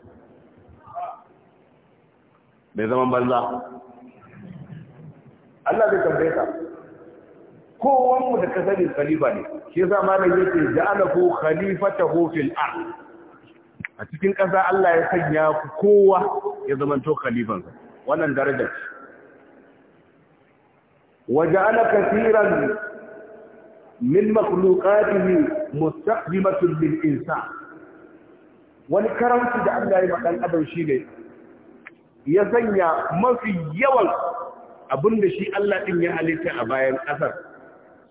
[SPEAKER 1] bai zaman banza Allah zai tambaye ka kowan mu da ka sani khalifa ne shi yasa malam yake ja'alahu khalifatahu fil ard a cikin ƙasa Allah ya sanya ku kowa ya zamanto sa wannan daraja ce waja'ala kaseeran min makhluqatihi mustaqbimatun lil insan wani karanci da Allah ya madan adam shine ya sanya mafi yawan abinda shi Allah din ya halitta a bayan ƙasar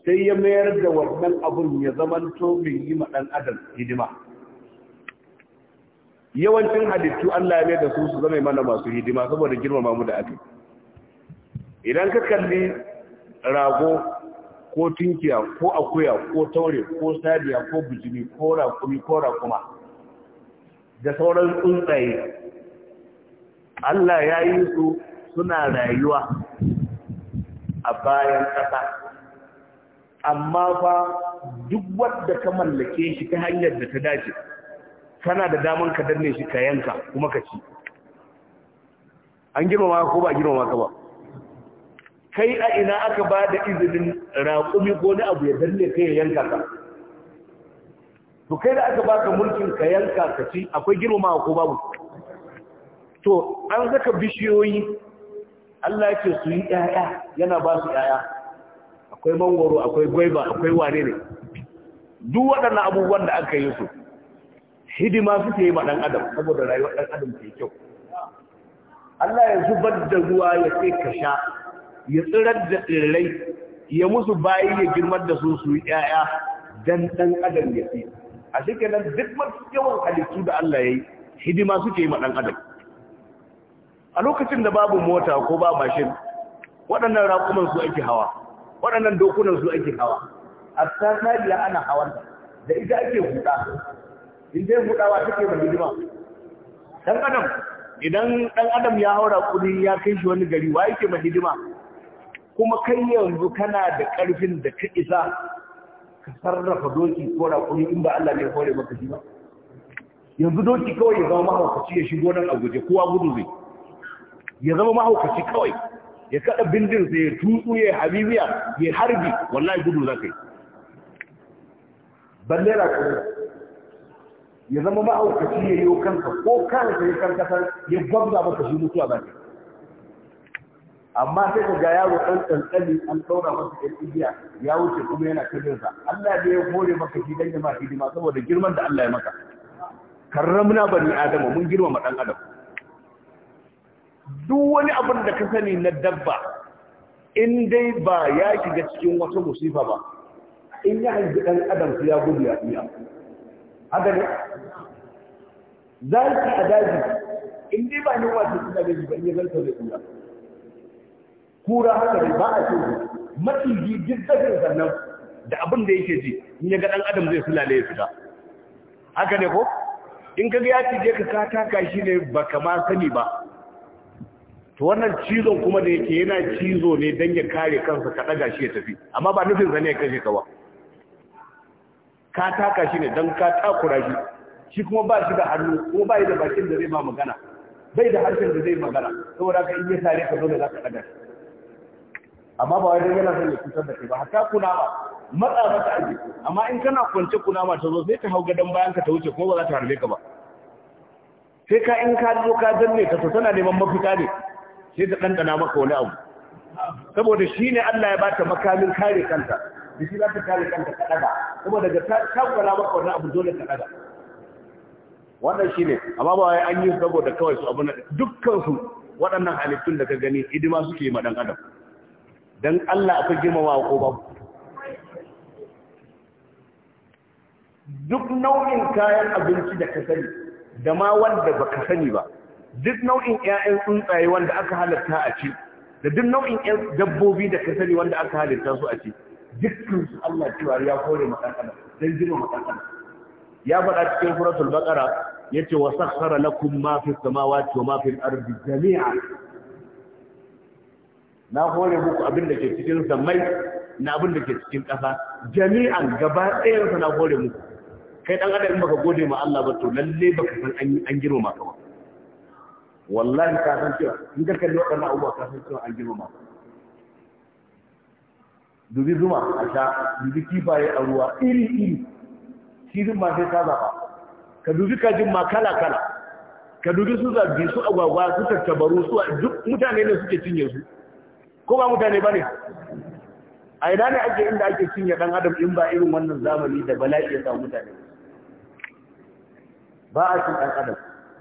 [SPEAKER 1] sai ya mayar da wannan abun ya to bin yi maɗan adam hidima yawancin halittu Allah ya mai da su su zama mana masu hidima saboda girmama mu da ake idan ka kalli rago ko tunkiya ko akuya ko taure ko sadiya ko bijimi ko raƙumi ko raƙuma da sauran tsuntsaye Allah ya yi su suna rayuwa a bayan ƙasa amma fa duk wanda ka mallake shi ta hanyar da ta dace kana da daman ka danne shi ka yanka kuma ka ci an girmama ko ba girmama ka ba kai a ina aka ba da izinin raƙumi ko na abu ya danne kai ya yanka ka to kai da aka baka mulkin ka yanka ka ci akwai girmama ko babu to an saka bishiyoyi Allah ya ce su yi ƴaƴa yana ba su ƴaƴa akwai mangoro akwai gwaiba akwai wane ne duk waɗannan abubuwan da aka yi su hidima suke yi ma ɗan adam saboda rayuwar ɗan adam ke kyau Allah ya zubar da ruwa ya ce ka sha ya tsirar da tsirrai ya musu bayi ya girmar da su su yi ƴaƴa dan ɗan adam ya fi a nan duk masu yawan halittu da Allah ya yi hidima suke yi ma ɗan adam a lokacin da babu mota ko ba mashin waɗannan raƙuman su ake hawa waɗannan dokunan su ake hawa a tsariya ana hawan da ita ake huɗa in dai huɗawa take da hidima dan adam idan dan adam ya haura kudi ya kai shi wani gari wa yake ma hidima kuma kai yanzu kana da ƙarfin da ka isa ka sarrafa doki ko raƙuri in ba Allah ne ya maka shi ba yanzu doki kawai ya zama mahaukaci ya shigo nan a guje kowa gudu zai ya zama mahaukaci kawai ya kada bindin sai ya tutsu ya habibiya ya harbi wallahi gudu za ka yi balle na kuma ya zama ma'aukaci ya yi kanka ko kanka ya karkata ya gwamza ka shi mutuwa ba amma sai ka ga yaro ɗan tsantsani an ɗaura masa ɗan igiya ya wuce kuma yana sa Allah ne ya kore maka shi dan ya ma hidima saboda girman da Allah ya maka karramna bani Adamu mun girmama ɗan adam duk wani abin da ka sani na dabba in dai ba ya shiga cikin wata musifa ba in ya haifi ɗan adam su ya gudu ya iya haka ne za ki a daji in dai ba yawa su suna da ba in ya zarta da iya kura haka ne ba a ce maciji duk sannan da abin da yake ji in ya ga ɗan adam zai sulale ya fita haka ne ko in ka ga ya shige ka ka taka shi ne ba kama sani ba to wannan cizon kuma da yake yana cizo ne don ya kare kansa ka ɗaga shi ya tafi amma ba nufin zane ya kashe ka ba ka taka shi ne don ka takura shi shi kuma ba shi da hannu kuma ba da bakin da zai ba magana bai da harshen da zai magana saboda ka iya tare ka dole za ka daga shi amma ba wajen yana son ya cutar da kai ba hatta kunama matsa mata aji amma in kana kwance kunama ta zo sai ta hau gadon bayan ka ta wuce kuma ba za ta harbe ka ba sai ka in ka zo ka zanne ka to tana neman mafita ne sai ta ɗanɗana maka wani abu saboda shi ne Allah ya bata makamin kare kanta da shi za ta kare kanta ta ɗaga saboda daga shagwara maka wani abu dole ta ɗaga wannan shi ne amma ba wai an yi saboda kawai su abu na dukkansu waɗannan halittun da ka gani hidima suke yi ma ɗan adam don Allah akwai girmama ko ba. duk nau'in kayan abinci da ka sani da ma wanda ba ka sani ba duk nau'in ƴaƴan tsuntsaye wanda aka halitta a ci da duk nau'in ƴan dabbobi da ka sani wanda aka halitta su a ci dukkan su Allah cewa ya kore ma dan adam dan ya faɗa cikin suratul baqara yace wa sakhkhara lakum ma fi samawati wa ma al ardi jami'a na hore muku abin da ke cikin samai na abin da ke cikin ƙasa jami'an gaba ɗayan sa na hore muku kai dan adam in baka gode ma Allah ba to lalle baka san an girma maka ba wallahi ka san cewa in ka kalli waɗannan abubuwa ka san cewa an girmama dubi zuma a sha dubi kifaye a ruwa iri iri shirin ma sai ka zaɓa ka dubi kajin ma kala kala ka dubi su zabi su agwagwa su tattabaru su duk mutane ne suke cinye su ko ba mutane ba ne a ina ne ake inda ake cinye ɗan adam in ba irin wannan zamani da bala'i ya samu mutane ba a cin ɗan adam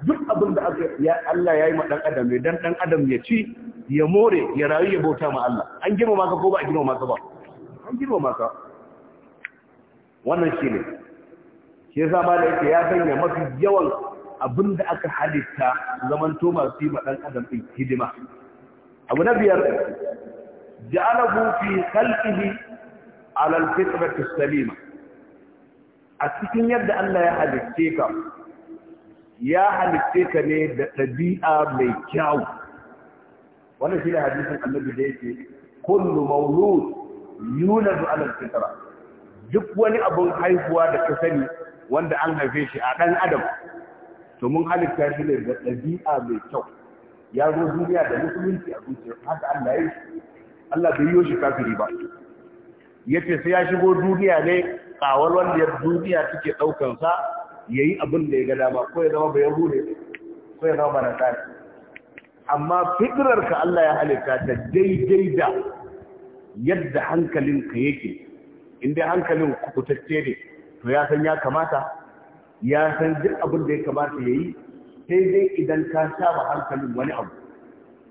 [SPEAKER 1] duk abin da aka ya Allah yi ma dan adam ne dan dan adam ya ci ya more ya rayu ya bauta ma Allah an girma maka ko ba a girma maka ba an girma maka wannan shine shi yasa ma da yake ya sanya mafi yawan abin da aka halitta zaman to masu yi ma dan adam din hidima abu na biyar ja'alahu fi khalqihi ala al-fitrati salima a cikin yadda Allah ya halicce ka ya halitte ka ne da ɗabi'a mai kyau wannan shi ne hadisin annabi da yake kullu maulud yuladu ala fitra duk wani abun haihuwa da ka sani wanda an haife shi a ɗan adam to mun halitta shi ne da ɗabi'a mai kyau ya zo duniya da musulunci a zuciya haka Allah ya yi Allah bai yi kafiri ba yace sai ya shigo duniya ne kawal wanda duniya take sa ya yi abin da ya ga dama ko ya zama ba yahude ko ya zama ba nasara amma ka Allah ya halitta ta daidai da yadda hankalinka yake inda hankalin kukutacce ne to ya san ya kamata ya san duk abin da ya kamata ya yi sai dai idan ka sha ma hankalin wani abu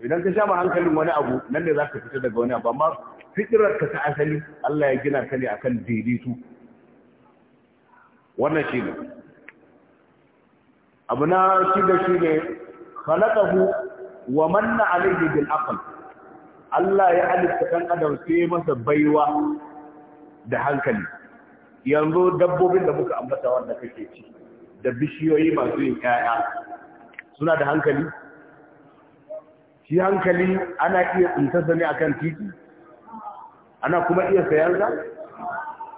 [SPEAKER 1] idan ka sha ma hankalin wani abu nan ne za ka fita daga wani abu amma fitirarka ta asali Allah ya gina ka ne akan daidaitu wannan shi ne abu na da shi ne khalaqahu wa manna alayhi bil aql Allah ya halitta kan adam sai masa baiwa da hankali yanzu dabbobin da muka ambata wanda kake ci da bishiyoyi masu yin ƴaƴa suna da hankali shi hankali ana iya tsintarsa ne akan titi ana kuma iya sayar da?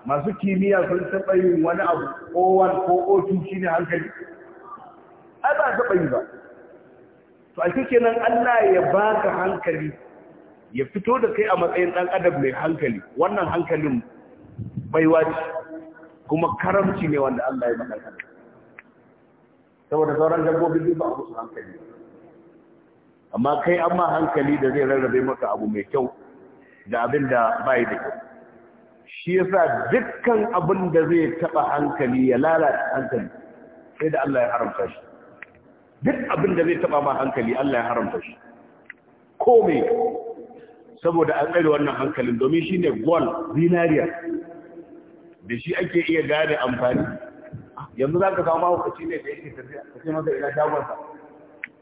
[SPEAKER 1] masu kimiyya sun taɓa yin wani abu ko wani ko otu ne hankali ai ba taɓa yi ba to a nan Allah ya baka hankali ya fito da kai a matsayin ɗan adam mai hankali wannan hankalin baiwa ce kuma karamci ne wanda Allah ya maka hankali saboda sauran dabbobi ba a musu hankali amma kai an ma hankali da zai rarrabe maka abu mai kyau da abin da bai da kyau shi yasa dukkan abin da zai taɓa hankali ya lalata hankali sai da Allah ya haramta shi duk abin da zai taba ma hankali Allah ya haramta shi komai saboda an tsare wannan hankalin domin shine gol zinariya da shi ake iya gane amfani yanzu za ka samu hukaci ne da yake tafiya masa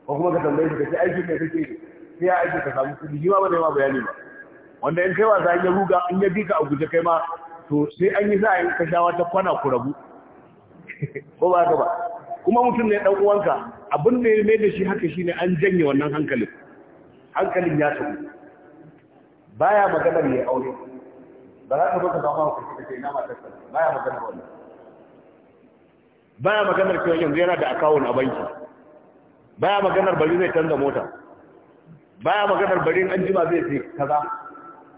[SPEAKER 1] ko kuma ka tambaye shi aiki kake sai aiki ka samu kudi ba ma bayani ba wanda in kai wasa in ya ruga in ya bi ka a guje kai ma to sai an yi za a yi ka ta kwana ku rabu [laughs] ko ba ka ba kuma mutum ne ɗan uwanka abin da ya da shi haka shine an janye wannan hankalin hankalin ya tafi baya maganar ya aure ba za ka baka zama ku kike ina ma tsaka baya maganar wannan baya maganar cewa yanzu yana da account a banki baya maganar bari zai canza mota baya maganar bari an jima zai ce kaza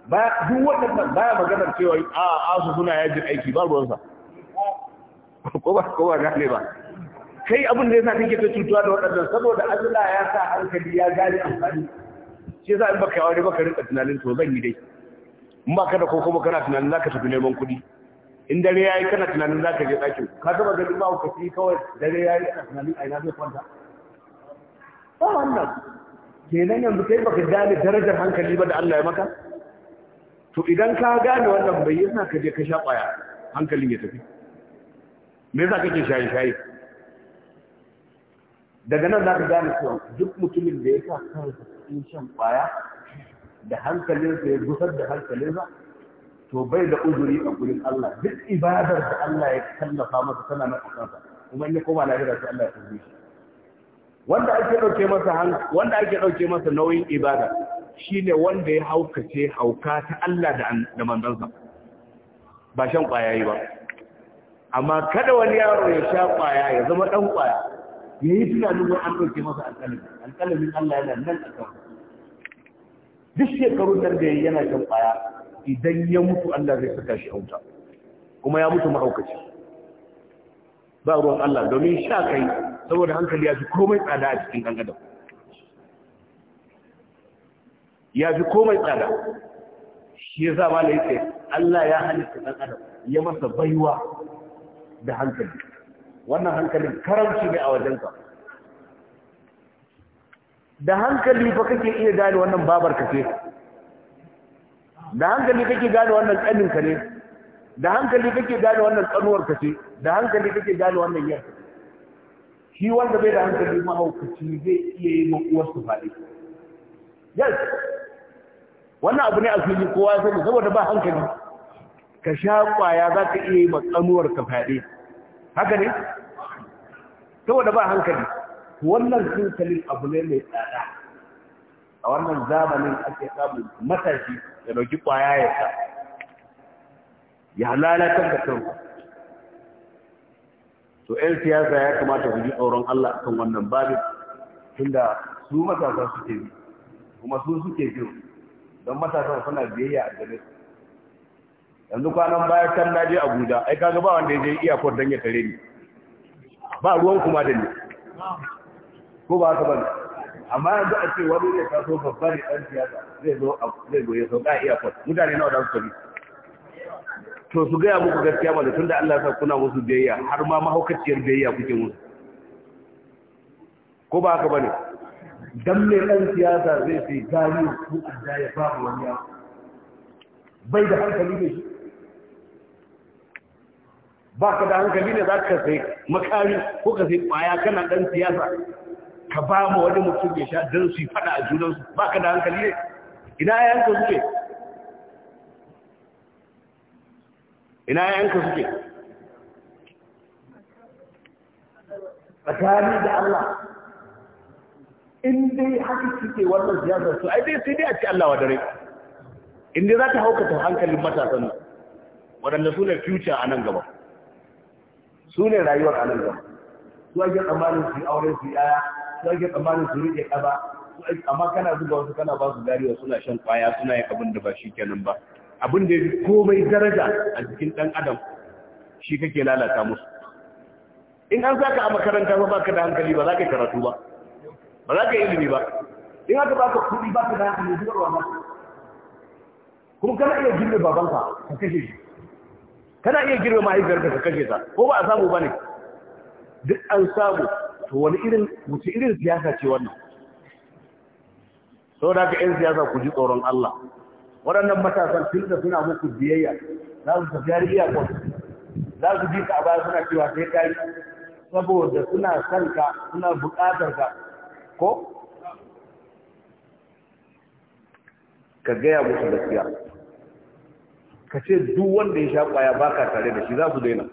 [SPEAKER 1] baya duk waɗannan baya maganar cewa a ah, asu suna yajin aiki ba ruwansa ko ba ko ba ba kai abin da sa kake ta cutuwa da waɗannan saboda Allah ya sa hankali ya gane amfani shi yasa in baka yi ne baka rinka tunanin to zan yi dai in baka da ko kuma kana tunanin zaka tafi neman kuɗi in dare yayi kana tunanin zaka je ɗakin ka taba ganin ba ka fi kawai dare yayi kana tunanin a na zai kwanta ba wannan kenan yanzu kai baka gane darajar hankali ba da Allah ya maka to idan ka gane wannan bai yasa ka je ka sha ƙwaya, hankalin ya tafi me yasa kake shaye shaye daga nan za ka gane cewa duk mutumin da ya sa kansa cikin shan kwaya da hankalinsa ya gusar da hankalinsa to bai da uzuri a gurin Allah duk ibadar da Allah ya tallafa masa tana na kansa kuma in ya koma lahira sai Allah ya tsare shi wanda ake dauke masa wanda ake dauke masa nauyin ibada shine wanda ya haukace hauka ta Allah da da manzansa ba shan kwayayi ba amma kada wani yaro ya sha kwaya ya zama dan kwaya ya yi tunanin wani an ɗauke masa alƙalami alƙalamin Allah yana nan a kan duk shekarun nan da yana kan baya idan ya mutu Allah zai saka shi a wuta kuma ya mutu mahaukaci ba ruwan Allah domin sha kai saboda hankali ya fi komai tsada a cikin ɗan adam ya fi komai tsada shi ya sa malai ce Allah ya halitta ɗan adam ya masa baiwa da hankali wannan hankalin karanci ne a wajenka da hankali fa kake iya gane wannan babar ka ce da hankali kake gane wannan tsanin ka ne da hankali kake gane wannan tsanuwar ka ce da hankali kake gane wannan yar shi wanda bai da hankali mahaukaci zai iya yi makuwar su faɗi yes wannan abu ne a fili kowa sani saboda ba hankali ka sha kwaya za ka iya yi matsanuwar ka faɗi haka ne saboda ba hankali wannan hankalin abu ne mai tsada a wannan zamanin ake samun matashi da dauki kwaya ya sa ya lalatar da kanku to 'yan siyasa ya kamata ku ji tsoron Allah kan wannan babin tunda su matasa suke bi kuma su suke jiro don matasa suna biyayya a gare su yanzu kwanan baya can na je abuja ai kaga ba wanda ya je iyakar don ya tare ni ba ruwan kuma da ni ko ba haka bane amma yanzu a ce wani ne taso babba ne dan siyasa zai zo zai zo ya sauka iyakar mutane nawa da su tabi to su gaya muku gaskiya ba da tunda Allah ya sa kuna musu biyayya har ma mahaukaciyar biyayya kuke musu ko ba haka bane dan mai dan siyasa zai sai gani ku da ya ba wani bai da hankali ne shi ba ka da hankali ne za ka sai makari ko ka sai kwaya kana dan siyasa ka ba mu wani mutum ya sha don su yi fada a junansu ba ka da hankali ne ina yanka suke ina yanka suke tsakani da Allah in dai haka suke wannan siyasar su ai dai sai dai a ci Allah wa dare in dai za ta haukata hankalin matasan waɗanda su ne future a nan gaba su ne rayuwar a nan gaba su ake tsammanin su yi auren su yaya su ake tsammanin su riƙe ƙaba amma kana zuba wasu kana ba su dariya suna shan kwaya suna yin abin da ba shi kenan ba abin da ya fi komai daraja a cikin ɗan adam shi kake lalata musu in an ka a makaranta ba baka da hankali ba za ka karatu ba ba za ka yi ilimi ba in aka baka kuɗi baka da hankali zuwa ba kuma kana iya jirgin babanka ka kashe shi kana iya girma mahaifiyarka ka kashe ta ko ba a samu bane ne duk an samu to wani irin wuce irin siyasa ce wannan sau da ka yan siyasa ku ji tsoron Allah waɗannan matasan tun da suna muku biyayya za su tafiya da iyakon za su ji ka a baya suna cewa sai kai saboda suna san ka suna buƙatar ka ko ka gaya musu gaskiya ka ce duk wanda ya sha kwaya baka tare da shi za su daina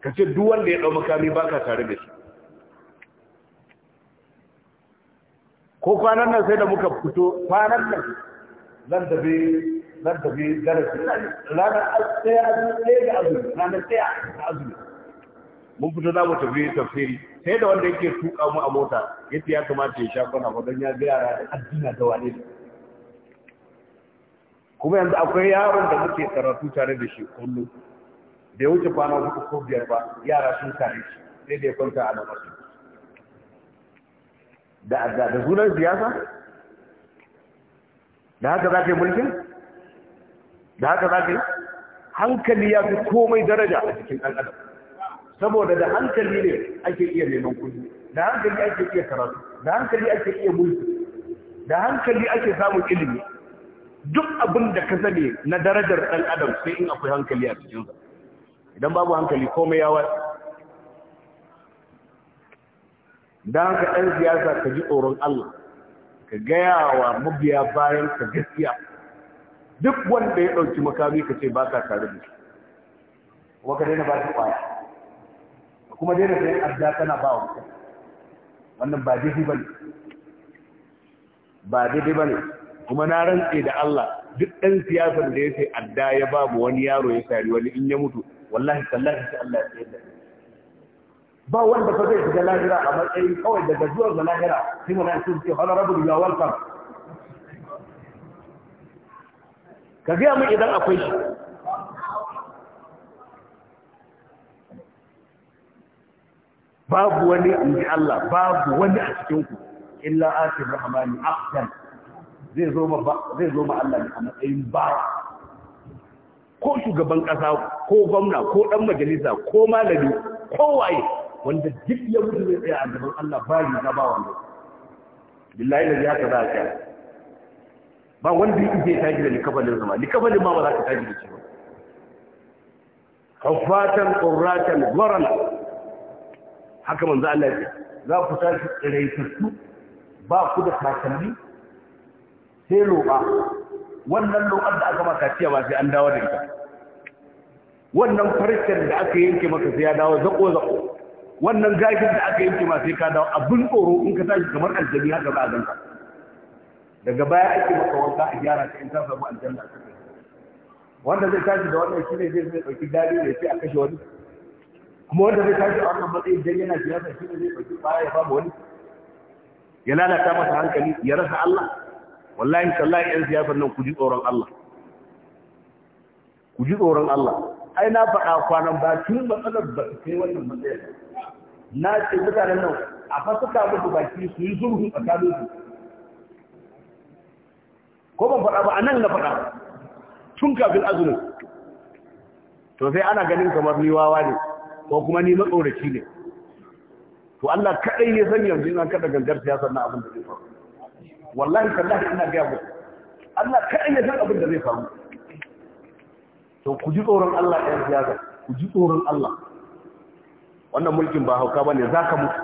[SPEAKER 1] ka ce duk wanda ya dau makami baka tare da shi ko kwanan nan sai da muka fito kwanan nan zan tafi zan tafi darasi ranar tsaya azumi da azumi ranar tsaya a azumi mun fito za mu tafi tafsiri sai da wanda yake tuka mu a mota yace ya kamata ya sha kwana wadan ya ga yara da addina da wane ne kuma yanzu akwai yaron da muke karatu tare da shi kullum da ya wuce kwana hudu ko biyar ba yara sun kare shi sai da ya kwanta a lamarin da da sunan siyasa da haka za ka yi mulkin da haka za ka yi hankali ya fi komai daraja a cikin ɗan adam saboda da hankali ne ake iya neman kuɗi da hankali ake iya karatu da hankali ake iya mulki da hankali ake samun ilimi duk abin da ka sani na darajar ɗan adam sai in akwai hankali a cikinsa idan babu hankali komai ya wata Da haka ɗan siyasa ka ji tsoron Allah ka gaya wa mabiya bayan ka gaskiya duk wanda ya ɗauki makami ka ce ba ka tare da shi kuma ka daina ba su kwaya kuma daina sai arda tana ba wa mutum wannan ba daidai ba ne ba daidai ba ne kuma na rantse da Allah duk ɗan siyasar da ya ce adda ya babu wani yaro ya sari wani in ya mutu wallahi tallahi sai Allah ya tsaye da ba wanda fa zai shiga lahira a matsayin kawai daga zuwan da lahira sai mu nan sun ce honorable da are welcome ka gaya min idan akwai shi babu wani in ji Allah babu wani a cikin ku illa atir rahmani afdal zai zo ma Allah a matsayin ba ko shugaban ƙasa ko gwamna ko ɗan majalisa ko malami ko waye wanda duk ya mutu zai tsaya a gaban Allah ba ga ba wanda billahi da ya kaza ka ba wanda yake zai tashi da likafalin zama likafalin ma ba za ka tashi da shi ba hufatan qurratan waran haka manzo Allah ya ce za ku tashi tsiraitattu ba ku da takalmi sai roƙa wannan roƙar da aka maka cewa ba sai an dawo da ita wannan farcen da aka yanke maka sai ya dawo zako zako wannan gashin da aka yanke ma sai ka dawo abin tsoro in ka tashi kamar aljami haka ba a ka. daga baya ake maka wanka a gyara ka in ka samu aljanna wanda zai tashi da wannan shine zai zai dauki dadi ne sai a kashe wani kuma wanda zai tashi a wannan matsayin dan yana siyasa shine zai dauki baya ya babu wani ya lalata masa hankali ya rasa Allah wallahi sallahi yan siyasar nan ku ji tsoron Allah ku ji tsoron Allah ai na faɗa kwanan ba tun matsalar ba su kai wannan matsayar. na ce mutanen nan a fasuka musu baki su yi zurfi tsakanin su ko ban faɗa ba a nan na faɗa tun kafin azumin to sai ana ganin kamar ni wawa ne ko kuma ni matsoraci ne to Allah kaɗai ya san yanzu in an kaɗa gangar siyasar na abin da zai faru wallahi tallahi ina gaya muku Allah kaɗan ya san abin da zai faru to ku ji tsoron Allah ya siyasa ku ji tsoron Allah wannan mulkin ba hauka ba ne za ka mutu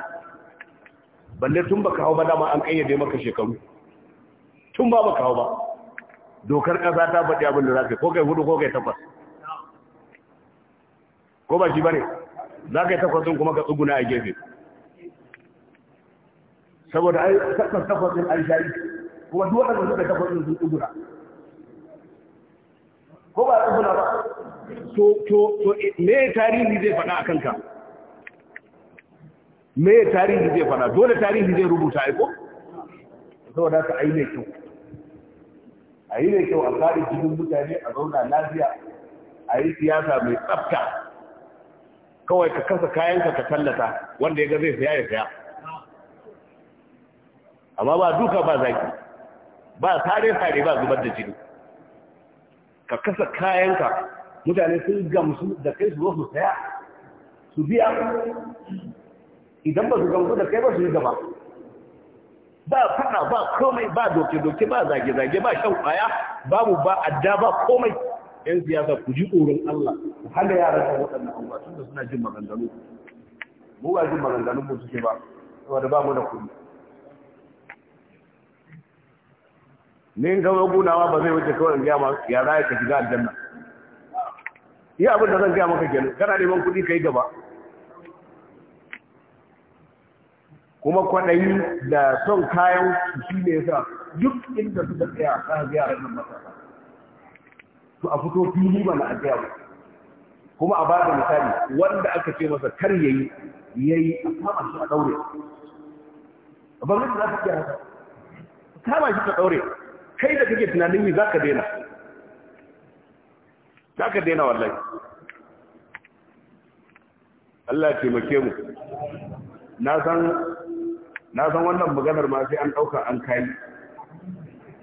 [SPEAKER 1] balle tun ba ka hau ba dama an ƙayyade maka shekaru tun ba ba ka hau ba dokar ƙasa ta faɗi abin da za ka yi ko kai hudu ko kai tafas, ko ba shi ba ne za ka yi takwasin kuma ka tsuguna a gefe saboda ai sakon takwasin ai shayi kuma duk waɗanda suka takwasin sun tsugura ko ba tsugura ba to to to me tarihi zai faɗa a kanka me tarihi zai faɗa dole tarihi zai rubuta ko saboda ka ai ne kyau a ne to kyau kare cikin mutane a zauna lafiya a yi siyasa mai tsafta kawai ka kasa kayanka ka tallata wanda ya ga zai saya ya saya amma ba duka ba zaki ba sare-sare ba zubar da jini ka kasa kayanka mutane sun gamsu da kai su zo su saya su biya idan ba su gamsu da kai ba su yi gaba ba fada ba komai ba doke-doke ba zage-zage ba shan kwaya babu ba adda ba komai yan siyasa ku ji tsoron Allah ku hana yaran kan waɗannan abubuwa tun da suna jin maganganu mu ba jin maganganun mu suke ba saboda ba mu da kuɗi ne in gama gunawa ba zai wuce kawai in gaya ma yara ya ka shiga aljanna ya abin da zan ga maka kenan kana neman kuɗi ka yi gaba kuma kwaɗayi da son kayan shi ne yasa duk inda suka tsaya za a gaya ranar matasa to a fito fili mana a gaya ba kuma a bada misali wanda aka ce masa kar yayi yayi a kama shi a daure ba za ta iya ka kama shi ka daure kai da kake tunanin yi za ka daina za ka daina wallai. Allah ya taimake mu na san wannan maganar ma sai an ɗauka an kayi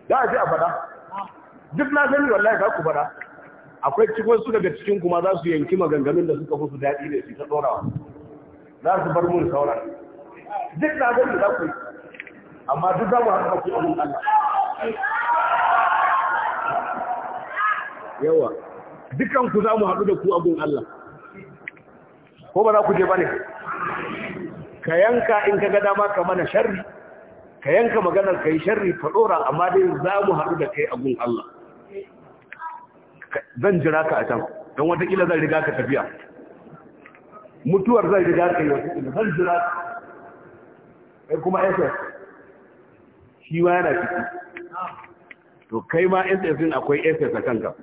[SPEAKER 1] za a ce a faɗa duk na sani wallahi za ku faɗa akwai cikin su daga cikin kuma za su yanki maganganun da suka su daɗi da su ta tsorawa za su bar mun sauran duk na gani za ku yi amma duk za mu haɗa ku abin Allah yawa dukan ku za mu haɗu da ku a gun Allah ko ba za ku je ba ne ka yanka in ka ga dama ka mana sharri ka yanka maganar ka yi sharri ka ɗora amma dai za mu haɗu da kai a gun Allah zan jira ka a can don watakila zan riga ka tafiya mutuwar zan riga ka yi watakila zan jira ka ai kuma ss shi wa yana ciki to kai ma ss sun akwai ss a kanka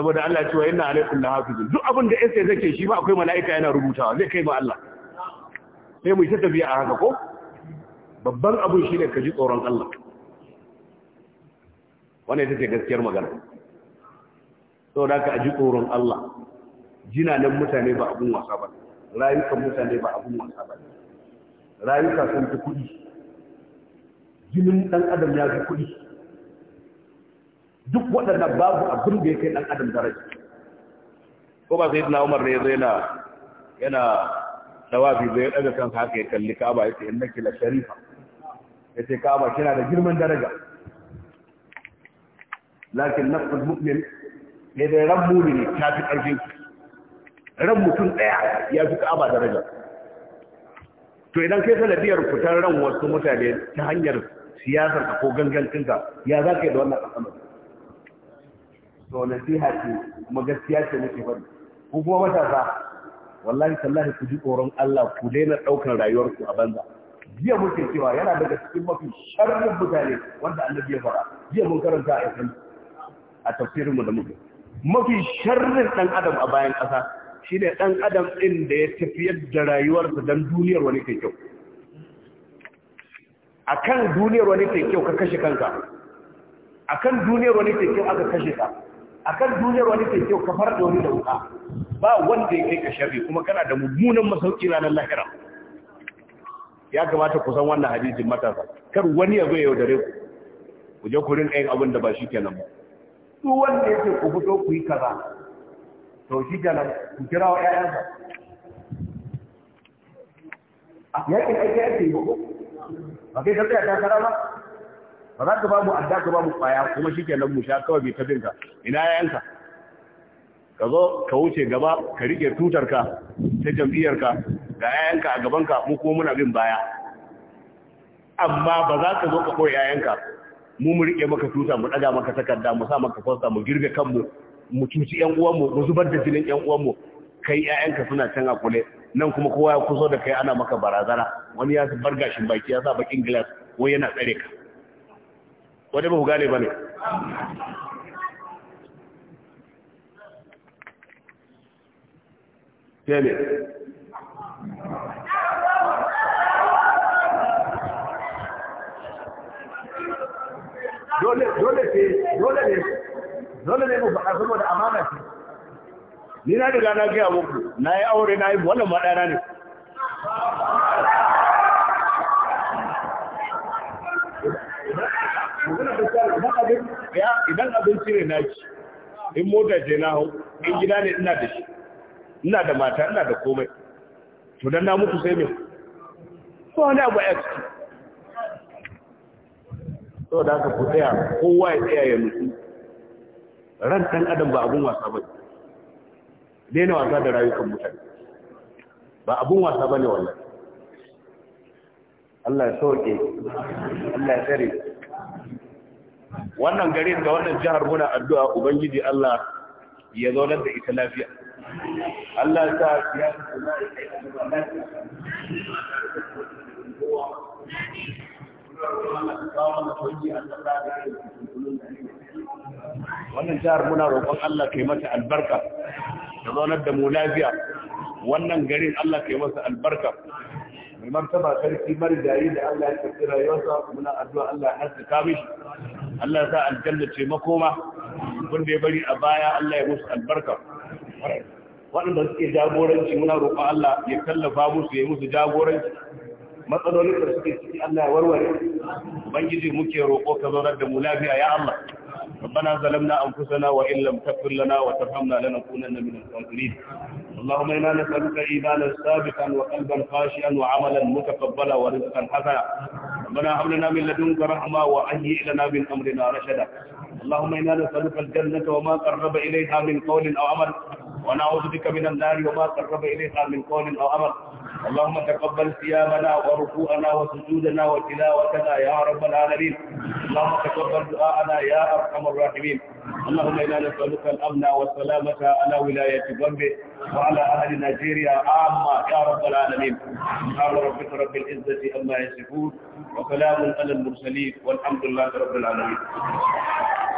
[SPEAKER 1] saboda Allah cewa inna alaikum lahafizun duk abin da yasa zake shi ba akwai mala'ika yana rubutawa zai kai ma Allah sai mu yi tafiya a haka ko babban abin ne ka ji tsoron Allah wannan ita ce gaskiyar magana da ka ji tsoron Allah jina nan mutane ba abun wasa ba rayukan mutane ba abun wasa ba rayuka sun fi kuɗi jinin ɗan adam ya fi kuɗi duk waɗannan babu abin da ya kai ɗan adam daraja ko ba sai na umar ne zai na yana tawafi zai ɗaga kan haka ya kalli ka'aba ya ce in nake la sharifa ya ce ka'aba kina da girman daraja lakin nafsul mu'min ne da ran ne ta fi ƙarfin ran mutum ɗaya ya fi ka'aba daraja to idan kai sanadiyar fitar ran wasu mutane ta hanyar siyasarka ko gangancinka ya za ka yi da wannan al'amari to nasiha ce kuma gaskiya ce muke faɗi ku kuma matasa wallahi tallahi ku ji tsoron Allah ku daina ɗaukar rayuwarku a banza jiya muke cewa yana daga cikin mafi sharrin mutane wanda annabi ya fara jiya mun karanta a yasan a tafsirin mu da muke mafi sharrin dan adam a bayan ƙasa shine dan adam din da ya tafiyar da rayuwarsa dan duniyar wani kai kyau akan duniyar wani kai kyau ka kashe kanka akan duniyar wani kai kyau aka kashe ka akan duniyar wani ke kyau ka fara da wani da wuka ba wanda ya kai ka sharri kuma kana da mummunan masauki ranar lahira ya kamata ku san wannan hadisin matasa kar wani ya zo ya yaudare ku ku je ku rinka yin abin da ba shi kenan ba Su wanda ya ce ku fito ku yi kaza to shi nan ku kira wa ƴaƴansa yakin aiki ake yi ba ko ba kai ka tsaya takara ba ba za ka ba mu adda ka ba mu kwaya kuma shi ke mu sha kawai bai tafin ka ina yayanka ka zo ka wuce gaba ka rike tutar ka ta jam'iyyar ka ga yayanka a gaban ka mu kuma muna bin baya amma ba za ka zo ka koyi yayanka mu mu rike maka tuta mu daga maka takarda mu sa maka fosta mu girbe kanmu mu cuci yan uwan mu zubar da jinin yan uwanmu kai yayanka suna can a kule nan kuma kowa ya kuso da kai ana maka barazana wani ya bar gashin baki ya sa bakin glass ko yana tsare ka wani ba ku gane ba ne tele
[SPEAKER 2] dole dole ce dole ne
[SPEAKER 1] dole ne mu faɗa da amana ce ni na riga na gaya muku na yi aure na yi wannan maɗana ne ya idan abinci ne ci in mota ce na hau in gida ne ina da shi ina da mata ina da komai to dan na mutu sai me so wani abu ya ciki so da aka ku tsaya kowa ya tsaya ya mutu ran dan adam ba abun wasa ba daina wasa da rayukan mutane ba abun wasa bane wallahi Allah ya sauke Allah ya tsare wannan garin da wannan jihar muna addu'a ubangiji Allah ya zaunar da ita lafiya
[SPEAKER 2] Allah ta ya
[SPEAKER 1] wannan jihar muna roƙon Allah kai mata albarka ya zaunar da mu lafiya wannan garin Allah kai masa albarka mai martaba sarki marigayi da Allah ya tafi rayuwarsa muna addu'a Allah ya haskaka mishi Allah ya sa aljanna taimako makoma wanda ya bari a baya Allah ya musu albarka waɗanda suke jagoranci muna roƙon Allah ya tallafa musu ya musu jagoranci matsalolin da suke ciki Allah ya warware ubangiji muke roƙo ka zaurar da mu lafiya ya Allah rabbana zalamna anfusana wa in lam taghfir lana wa tarhamna lanakunanna minal khasirin allahumma inna nas'aluka ibadan sabiqan wa qalban wa amalan mutaqabbala wa rizqan hasana rabbana hab lana min ladunka rahma wa hayyi lana min amrina rashada اللهم إنا نسألك الجنة وما قرب إليها من قول أو عمل ونعوذ بك من النار وما قرب إليها من قول أو عمل اللهم تقبل صيامنا وركوعنا وسجودنا وتلاوتنا يا رب العالمين اللهم تقبل دعاءنا يا ارحم الراحمين اللهم انا نسالك الامن والسلامه على ولايه بامبي وعلى اهل نيجيريا عامه يا رب العالمين سبحان ربك رب العزه عما يصفون وسلام على المرسلين والحمد لله رب
[SPEAKER 2] العالمين